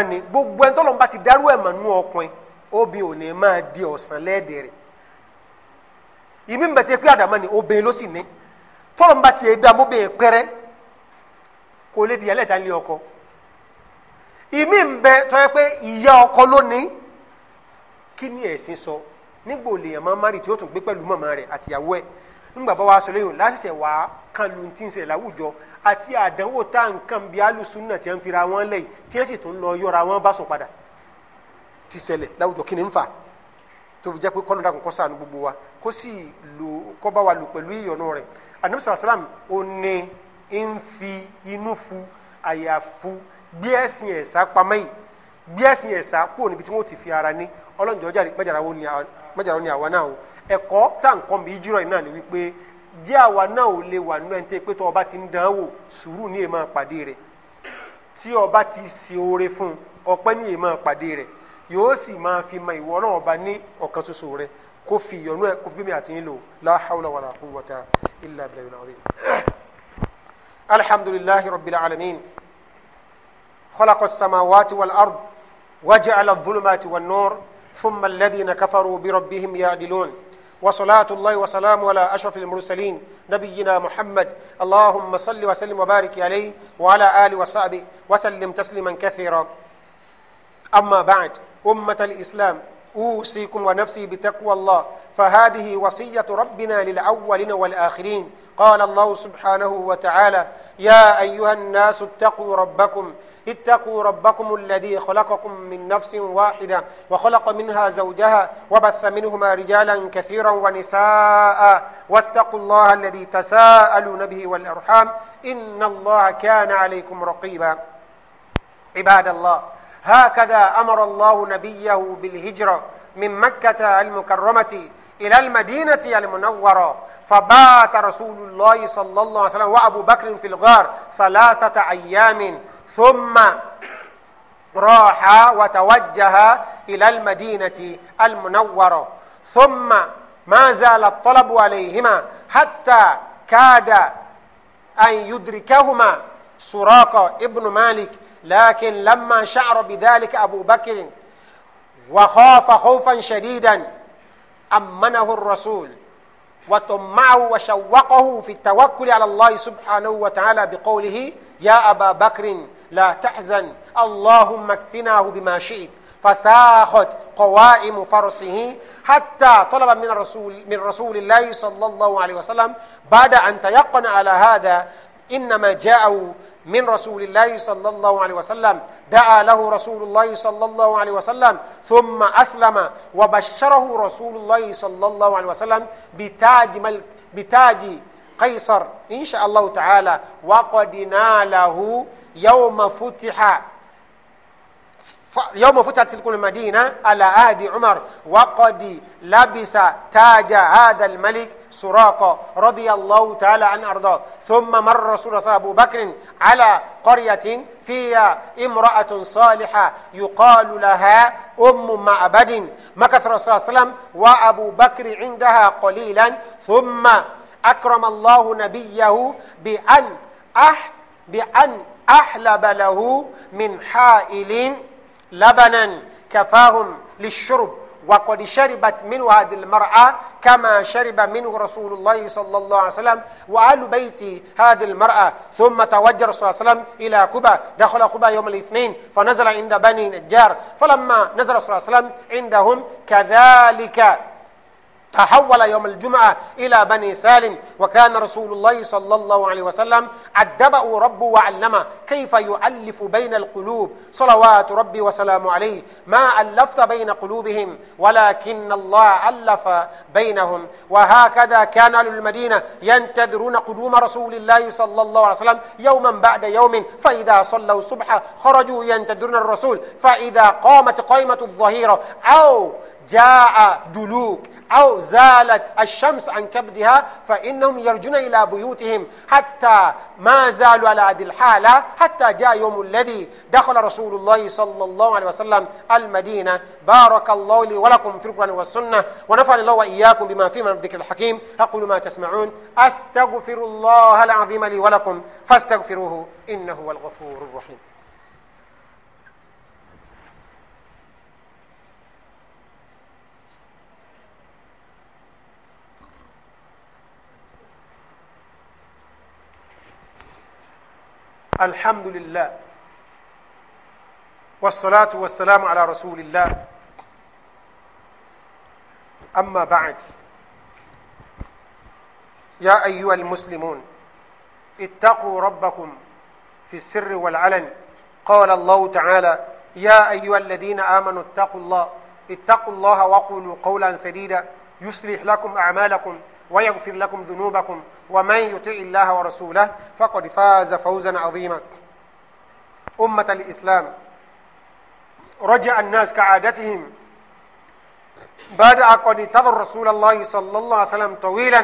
ni gbogbo ẹni tọ́lọ́mùbá ti dárú ẹ̀ nú ọkùnrin di ọ̀sán rẹ̀ ìmí ni obìnrin ló sì ní ti dá mọ́bìnrin pẹ́rẹ́ kò lè di ẹlẹ́ta ní ọkọ ìmí ń bẹ tó yẹ pé ìyá ọkọ lónìí kí ni ẹ̀sìn sọ nígbò lèèyàn máa ń márì tí ó tún gbé pẹ̀lú màmá rẹ̀ àtìyàwó ẹ̀ nígbà bá wa sọ lẹ́yìn lásìsẹ̀ wá kan lu ti ń ṣẹlẹ̀ láwùjọ àti àdánwò tá à ń kàn bí alùsùn náà tí ń fira wọn lẹ́yìn tí wọ́n sì tún lọ yọra wọn bá sùn padà ti ṣẹlẹ̀ láwùjọ kí ni ń fà tó fi jẹ́ pé kọ́nà dàkún kọ́ sànù gbogbo wa kó sì lò kọ́ bá wa lò pẹ̀lú ìyọ̀nù rẹ̀ àdàmùsàlásàlám ò ń fi inú fu àyà fu gbé ẹ̀sìn ẹ̀sà pamọ́ yìí gbé ẹ̀sìn ẹ̀sà kúrò níbi tí wọ́n ti fi ara ní ọlọ́njọ́ jáde májàrá ni àwa náà o ẹ̀kọ́ tá nǹkan mi jírọ̀ yìí náà ni wípé jẹ́ àwa náà ò lè wà nínú ẹni tẹ́ pé tó ọba ti ń dán wò sùúrù ní èèmọ̀ pàdé rẹ̀ tí ọba ti se oore fún ọpẹ́ ní èèmọ̀ pàdé rẹ̀ yóò sì máa fi mọ ìwọ náà ọba ní ọ̀kan ṣoṣo rẹ̀ kó fi ìyọnú ẹ kó fi bí mi àti yín lò la hawla wala quwwata illa billahi الحمد لله رب العالمين خلق السماوات والأرض وجعل الظلمات والنور ثم الذين كفروا بربهم يعدلون وصلاة الله وسلام على أشرف المرسلين نبينا محمد اللهم صل وسلم وبارك عليه وعلى آله وصحبه وسلم تسليما كثيرا أما بعد أمة الإسلام أوصيكم ونفسي بتقوى الله فهذه وصية ربنا للأولين والآخرين قال الله سبحانه وتعالى يا أيها الناس اتقوا ربكم اتقوا ربكم الذي خلقكم من نفس واحدة وخلق منها زوجها وبث منهما رجالا كثيرا ونساء واتقوا الله الذي تساءلون به والأرحام إن الله كان عليكم رقيبا عباد الله هكذا أمر الله نبيه بالهجرة من مكة المكرمة إلى المدينة المنورة فبات رسول الله صلى الله عليه وسلم وأبو بكر في الغار ثلاثة أيام ثم راح وتوجه إلى المدينة المنورة ثم ما زال الطلب عليهما حتى كاد أن يدركهما سراقة ابن مالك لكن لما شعر بذلك أبو بكر وخاف خوفا شديدا أمنه الرسول وطمعه وشوقه في التوكل على الله سبحانه وتعالى بقوله يا أبا بكر لا تحزن اللهم اكفناه بما شئت فساخت قوائم فرسه حتى طلب من الرسول من رسول الله صلى الله عليه وسلم بعد أن تيقن على هذا إنما جاءوا من رسول الله صلى الله عليه وسلم دعا له رسول الله صلى الله عليه وسلم ثم أسلم وبشره رسول الله صلى الله عليه وسلم بتاج, ملك بتاج قيصر إن شاء الله تعالى وقد ناله يوم فتح يوم فتحت تلك المدينة على عهد عمر وقد لبس تاج هذا الملك سراقة رضي الله تعالى عن أرضاه ثم مر رسول صلى أبو بكر على قرية فيها امرأة صالحة يقال لها أم معبد مكث الرسول صلى الله عليه وسلم وأبو بكر عندها قليلا ثم أكرم الله نبيه بأن أح بأن أحلب له من حائل labanan kafahum lishurub وقد شربت منه هذه المرأة كما شرب منه رسول الله صلى الله عليه وسلم وآل بيت هذه المرأة ثم توجه رسول الله صلى الله عليه وسلم إلى كوبا دخل كوبا يوم الاثنين فنزل عند بني نجار فلما نزل رسول الله صلى الله عليه وسلم عندهم كذلك تحول يوم الجمعة إلى بني سالم وكان رسول الله صلى الله عليه وسلم أدبه ربه وعلم كيف يؤلف بين القلوب صلوات ربي وسلام عليه ما ألفت بين قلوبهم ولكن الله ألف بينهم وهكذا كان أهل المدينة ينتظرون قدوم رسول الله صلى الله عليه وسلم يوما بعد يوم فإذا صلوا الصبح خرجوا ينتظرون الرسول فإذا قامت قائمة الظهيرة أو جاء دلوك أو زالت الشمس عن كبدها فإنهم يرجون إلى بيوتهم حتى ما زالوا على هذه الحالة حتى جاء يوم الذي دخل رسول الله صلى الله عليه وسلم المدينة بارك الله لي ولكم في القرآن والسنة ونفعني الله وإياكم بما فيه من الذكر الحكيم أقول ما تسمعون أستغفر الله العظيم لي ولكم فاستغفروه إنه هو الغفور الرحيم الحمد لله والصلاة والسلام على رسول الله أما بعد يا أيها المسلمون اتقوا ربكم في السر والعلن قال الله تعالى يا أيها الذين آمنوا اتقوا الله اتقوا الله وقولوا قولا سديدا يصلح لكم أعمالكم ويغفر لكم ذنوبكم ومن يطع الله ورسوله فقد فاز فوزا عظيما أمة الإسلام رجع الناس كعادتهم بعد أن انتظر رسول الله صلى الله عليه وسلم طويلا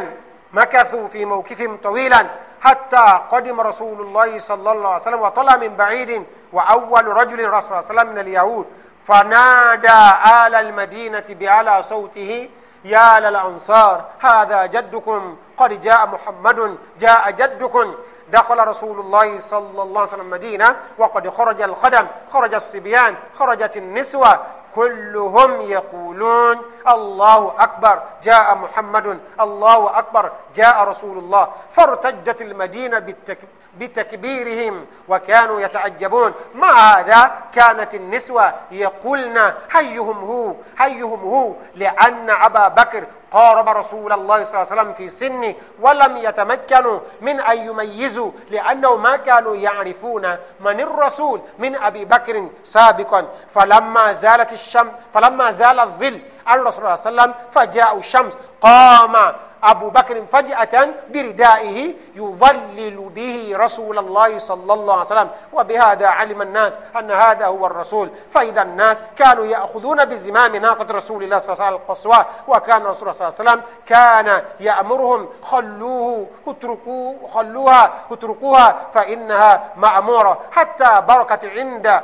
مكثوا في موقفهم طويلا حتى قدم رسول الله صلى الله عليه وسلم وطلع من بعيد وأول رجل رسول الله صلى الله عليه وسلم من اليهود فنادى آل المدينة بأعلى صوته يا للأنصار هذا جدكم قد جاء محمد جاء جدكم دخل رسول الله صلى الله عليه وسلم المدينة وقد خرج القدم خرج الصبيان خرجت النسوة كلهم يقولون الله أكبر جاء محمد الله أكبر جاء رسول الله فارتجت المدينة بالتكبير بتكبيرهم وكانوا يتعجبون مع هذا كانت النسوة يقولن هيهم هو هيهم هو لأن أبا بكر قارب رسول الله صلى الله عليه وسلم في سنه ولم يتمكنوا من أن يميزوا لأنه ما كانوا يعرفون من الرسول من أبي بكر سابقا فلما زالت الشم فلما زال الظل عن رسول الله صلى الله عليه وسلم فجاء الشمس قام أبو بكر فجأة بردائه يظلل به رسول الله صلى الله عليه وسلم وبهذا علم الناس أن هذا هو الرسول فإذا الناس كانوا يأخذون بزمام ناقة رسول الله صلى الله عليه وسلم القصوى وكان رسول الله صلى الله عليه وسلم كان يأمرهم خلوه اتركوه خلوها اتركوها فإنها مأمورة حتى بركت عند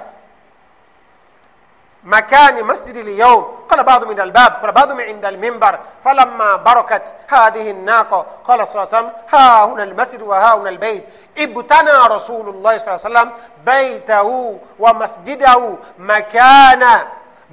مكان مسجد اليوم قال بعض من الباب قال بعض من عند المنبر فلما بركت هذه الناقة قال صلى الله عليه وسلم ها هنا المسجد وها هنا البيت ابتنى رسول الله صلى الله عليه وسلم بيته ومسجده مكان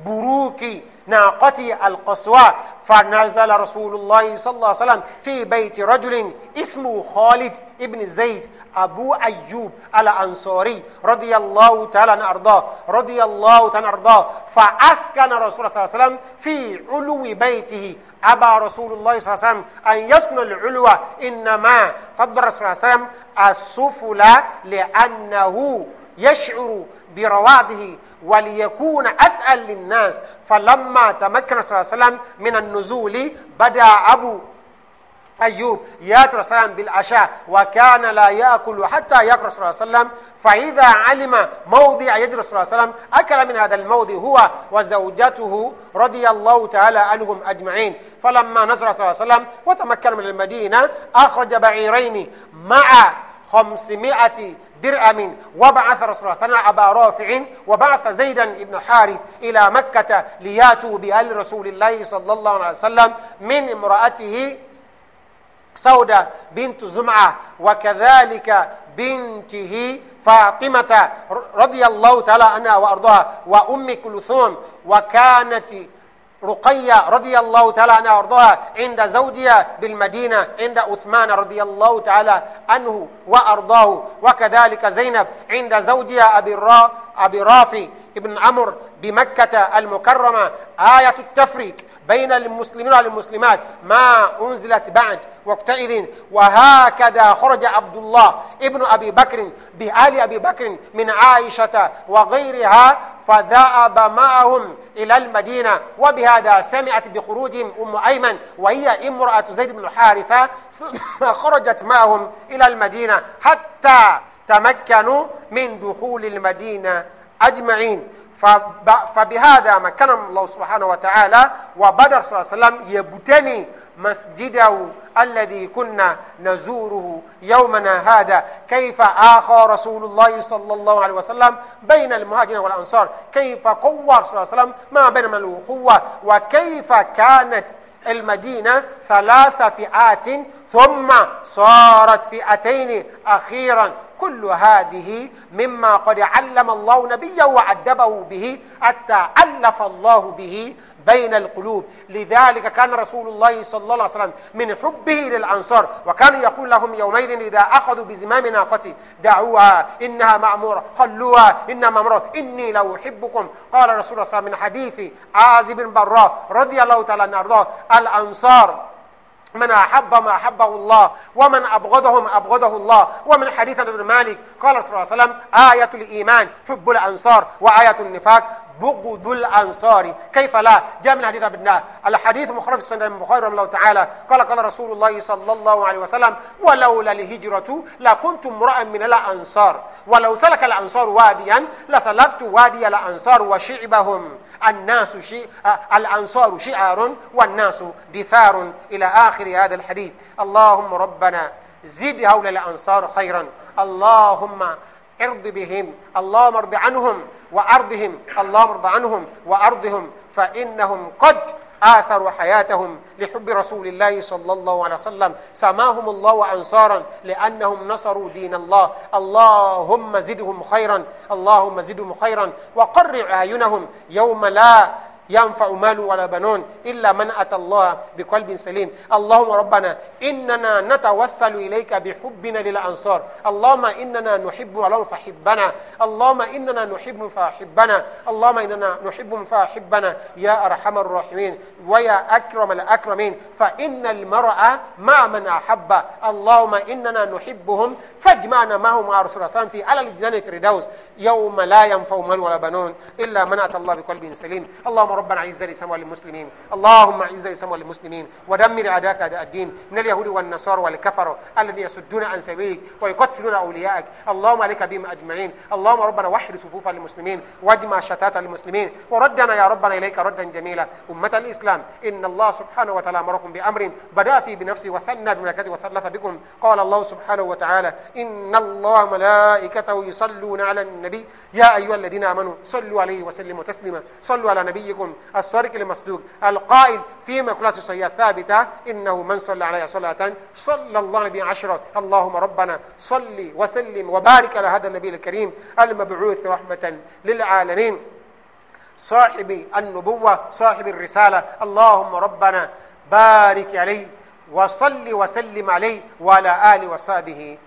بروك ناقتي القصوى فنزل رسول الله صلى الله عليه وسلم في بيت رجل اسمه خالد ابن زيد أبو أيوب الأنصاري رضي الله تعالى عنه أرضاه رضي الله تعالى أرضاه فأسكن رسول الله صلى الله عليه وسلم في علو بيته أبى رسول الله صلى الله عليه وسلم أن يسكن العلو إنما فضل رسول الله صلى الله عليه وسلم السفل لأنه يشعر برواده وليكون أسأل للناس فلما تمكن صلى الله عليه وسلم من النزول بدأ أبو أيوب ياتي صلى الله بالعشاء وكان لا يأكل حتى يأكل صلى الله عليه وسلم فإذا علم موضع يد صلى الله عليه وسلم أكل من هذا الموضع هو وزوجته رضي الله تعالى عنهم أجمعين فلما نزل صلى الله عليه وسلم وتمكن من المدينة أخرج بعيرين مع خمسمائة من وبعث رسول الله صلى الله عليه وسلم أبا رافع وبعث زيدا بن حارث إلى مكة لياتوا بأهل رسول الله صلى الله عليه وسلم من امرأته سودة بنت زمعة وكذلك بنته فاطمة رضي الله تعالى عنها وأرضها وأم كلثوم وكانت رقية رضي الله تعالى عنها وأرضاها عند زوجها بالمدينة عند عثمان رضي الله تعالى عنه وأرضاه وكذلك زينب عند زوجها أبي, الرا أبي رافي ابن عمر بمكة المكرمة آية التفريق بين المسلمين والمسلمات ما أنزلت بعد وقتئذ وهكذا خرج عبد الله ابن أبي بكر بآل أبي بكر من عائشة وغيرها فذهب معهم إلى المدينة وبهذا سمعت بخروجهم أم أيمن وهي امرأة زيد بن حارثة خرجت معهم إلى المدينة حتى تمكنوا من دخول المدينة أجمعين فبهذا مكن الله سبحانه وتعالى وبدر صلى الله عليه وسلم يبتني مسجده الذي كنا نزوره يومنا هذا كيف آخى رسول الله صلى الله عليه وسلم بين المهاجرين والأنصار كيف قوى صلى الله عليه وسلم ما بين من الأخوة وكيف كانت المدينة ثلاث فئات ثم صارت فئتين أخيرا كل هذه مما قد علم الله نبيه وأدبه به حتى ألف الله به بين القلوب لذلك كان رسول الله صلى الله عليه وسلم من حبه للأنصار وكان يقول لهم يومئذ إذا أخذوا بزمام ناقتي دعوها إنها مأمورة خلوها إنها مأمورة إني لو أحبكم قال رسول الله صلى الله عليه وسلم من حديث عازب بن براء رضي الله تعالى عنه الأنصار من أحب ما أحبه الله ومن أبغضهم أبغضه الله ومن حديث بن مالك قال صلى الله عليه وسلم آية الإيمان حب الأنصار وآية النفاق بغض الأنصار كيف لا جاء من حديث أبي النار الحديث مخرج من البخاري رحمه الله تعالى قال قال رسول الله صلى الله عليه وسلم ولولا الهجرة لكنت امرأ من الأنصار ولو سلك الأنصار واديا لسلكت وادي الأنصار وشعبهم الناس شيء الأنصار شعار والناس دثار إلى آخر هذا الحديث اللهم ربنا زد هؤلاء الأنصار خيرا اللهم ارض بهم اللهم ارض عنهم وعرضهم اللهم ارض عنهم وعرضهم فإنهم قد آثروا حياتهم لحب رسول الله صلى الله عليه وسلم سماهم الله أنصارا لأنهم نصروا دين الله اللهم زدهم خيرا اللهم زدهم خيرا وقرع أعينهم يوم لا ينفع مال ولا بنون إلا من أتى الله بقلب سليم اللهم ربنا إننا نتوسل إليك بحبنا للأنصار اللهم إننا نحب ولو فحبنا اللهم إننا نحب فحبنا اللهم إننا نحب فحبنا يا أرحم الراحمين ويا أكرم الأكرمين فإن المرأة مع من أحب اللهم إننا نحبهم فاجمعنا معهم مع رسول الله صلى الله عليه وسلم في على الجنان الفردوس يوم لا ينفع مال ولا بنون إلا من أتى الله بقلب سليم اللهم ربنا عز الاسلام والمسلمين اللهم عز الاسلام والمسلمين ودمر اعداءك اعداء الدين من اليهود والنصارى والكفر الذين يسدون عن سبيلك ويقتلون اوليائك اللهم عليك بهم اجمعين اللهم ربنا وحد صفوف المسلمين واجمع شتات المسلمين وردنا يا ربنا اليك ردا جميلا امه الاسلام ان الله سبحانه وتعالى امركم بامر بدا في بنفسه وثنى بملكته وثلث بكم قال الله سبحانه وتعالى ان الله ملائكته يصلون على النبي يا ايها الذين امنوا صلوا عليه وسلموا تسليما صلوا على نبيكم عليكم الصادق المصدوق القائل في مقلات صحيحة ثابتة إنه من صلى عليه صلاة صلى الله عليه عشرة اللهم ربنا صلي وسلم وبارك على هذا النبي الكريم المبعوث رحمة للعالمين صاحب النبوة صاحب الرسالة اللهم ربنا بارك عليه وصلي وسلم عليه وعلى آله وصحبه